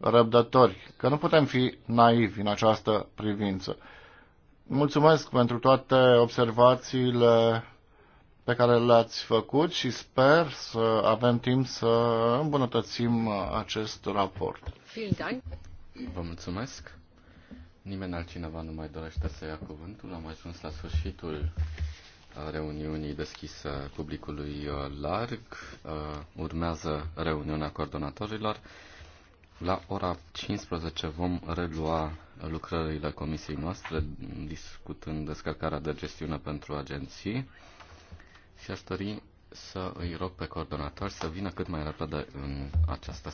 răbdători, că nu putem fi naivi în această privință. Mulțumesc pentru toate observațiile pe care le-ați făcut și sper să avem timp să îmbunătățim acest raport. Vă mulțumesc. Nimeni altcineva nu mai dorește să ia cuvântul. Am ajuns la sfârșitul reuniunii deschise publicului uh, larg. Uh, urmează reuniunea coordonatorilor. La ora 15 vom relua lucrările comisiei noastre, discutând descărcarea de gestiune pentru agenții și aș dori să îi rog pe coordonatori să vină cât mai repede în această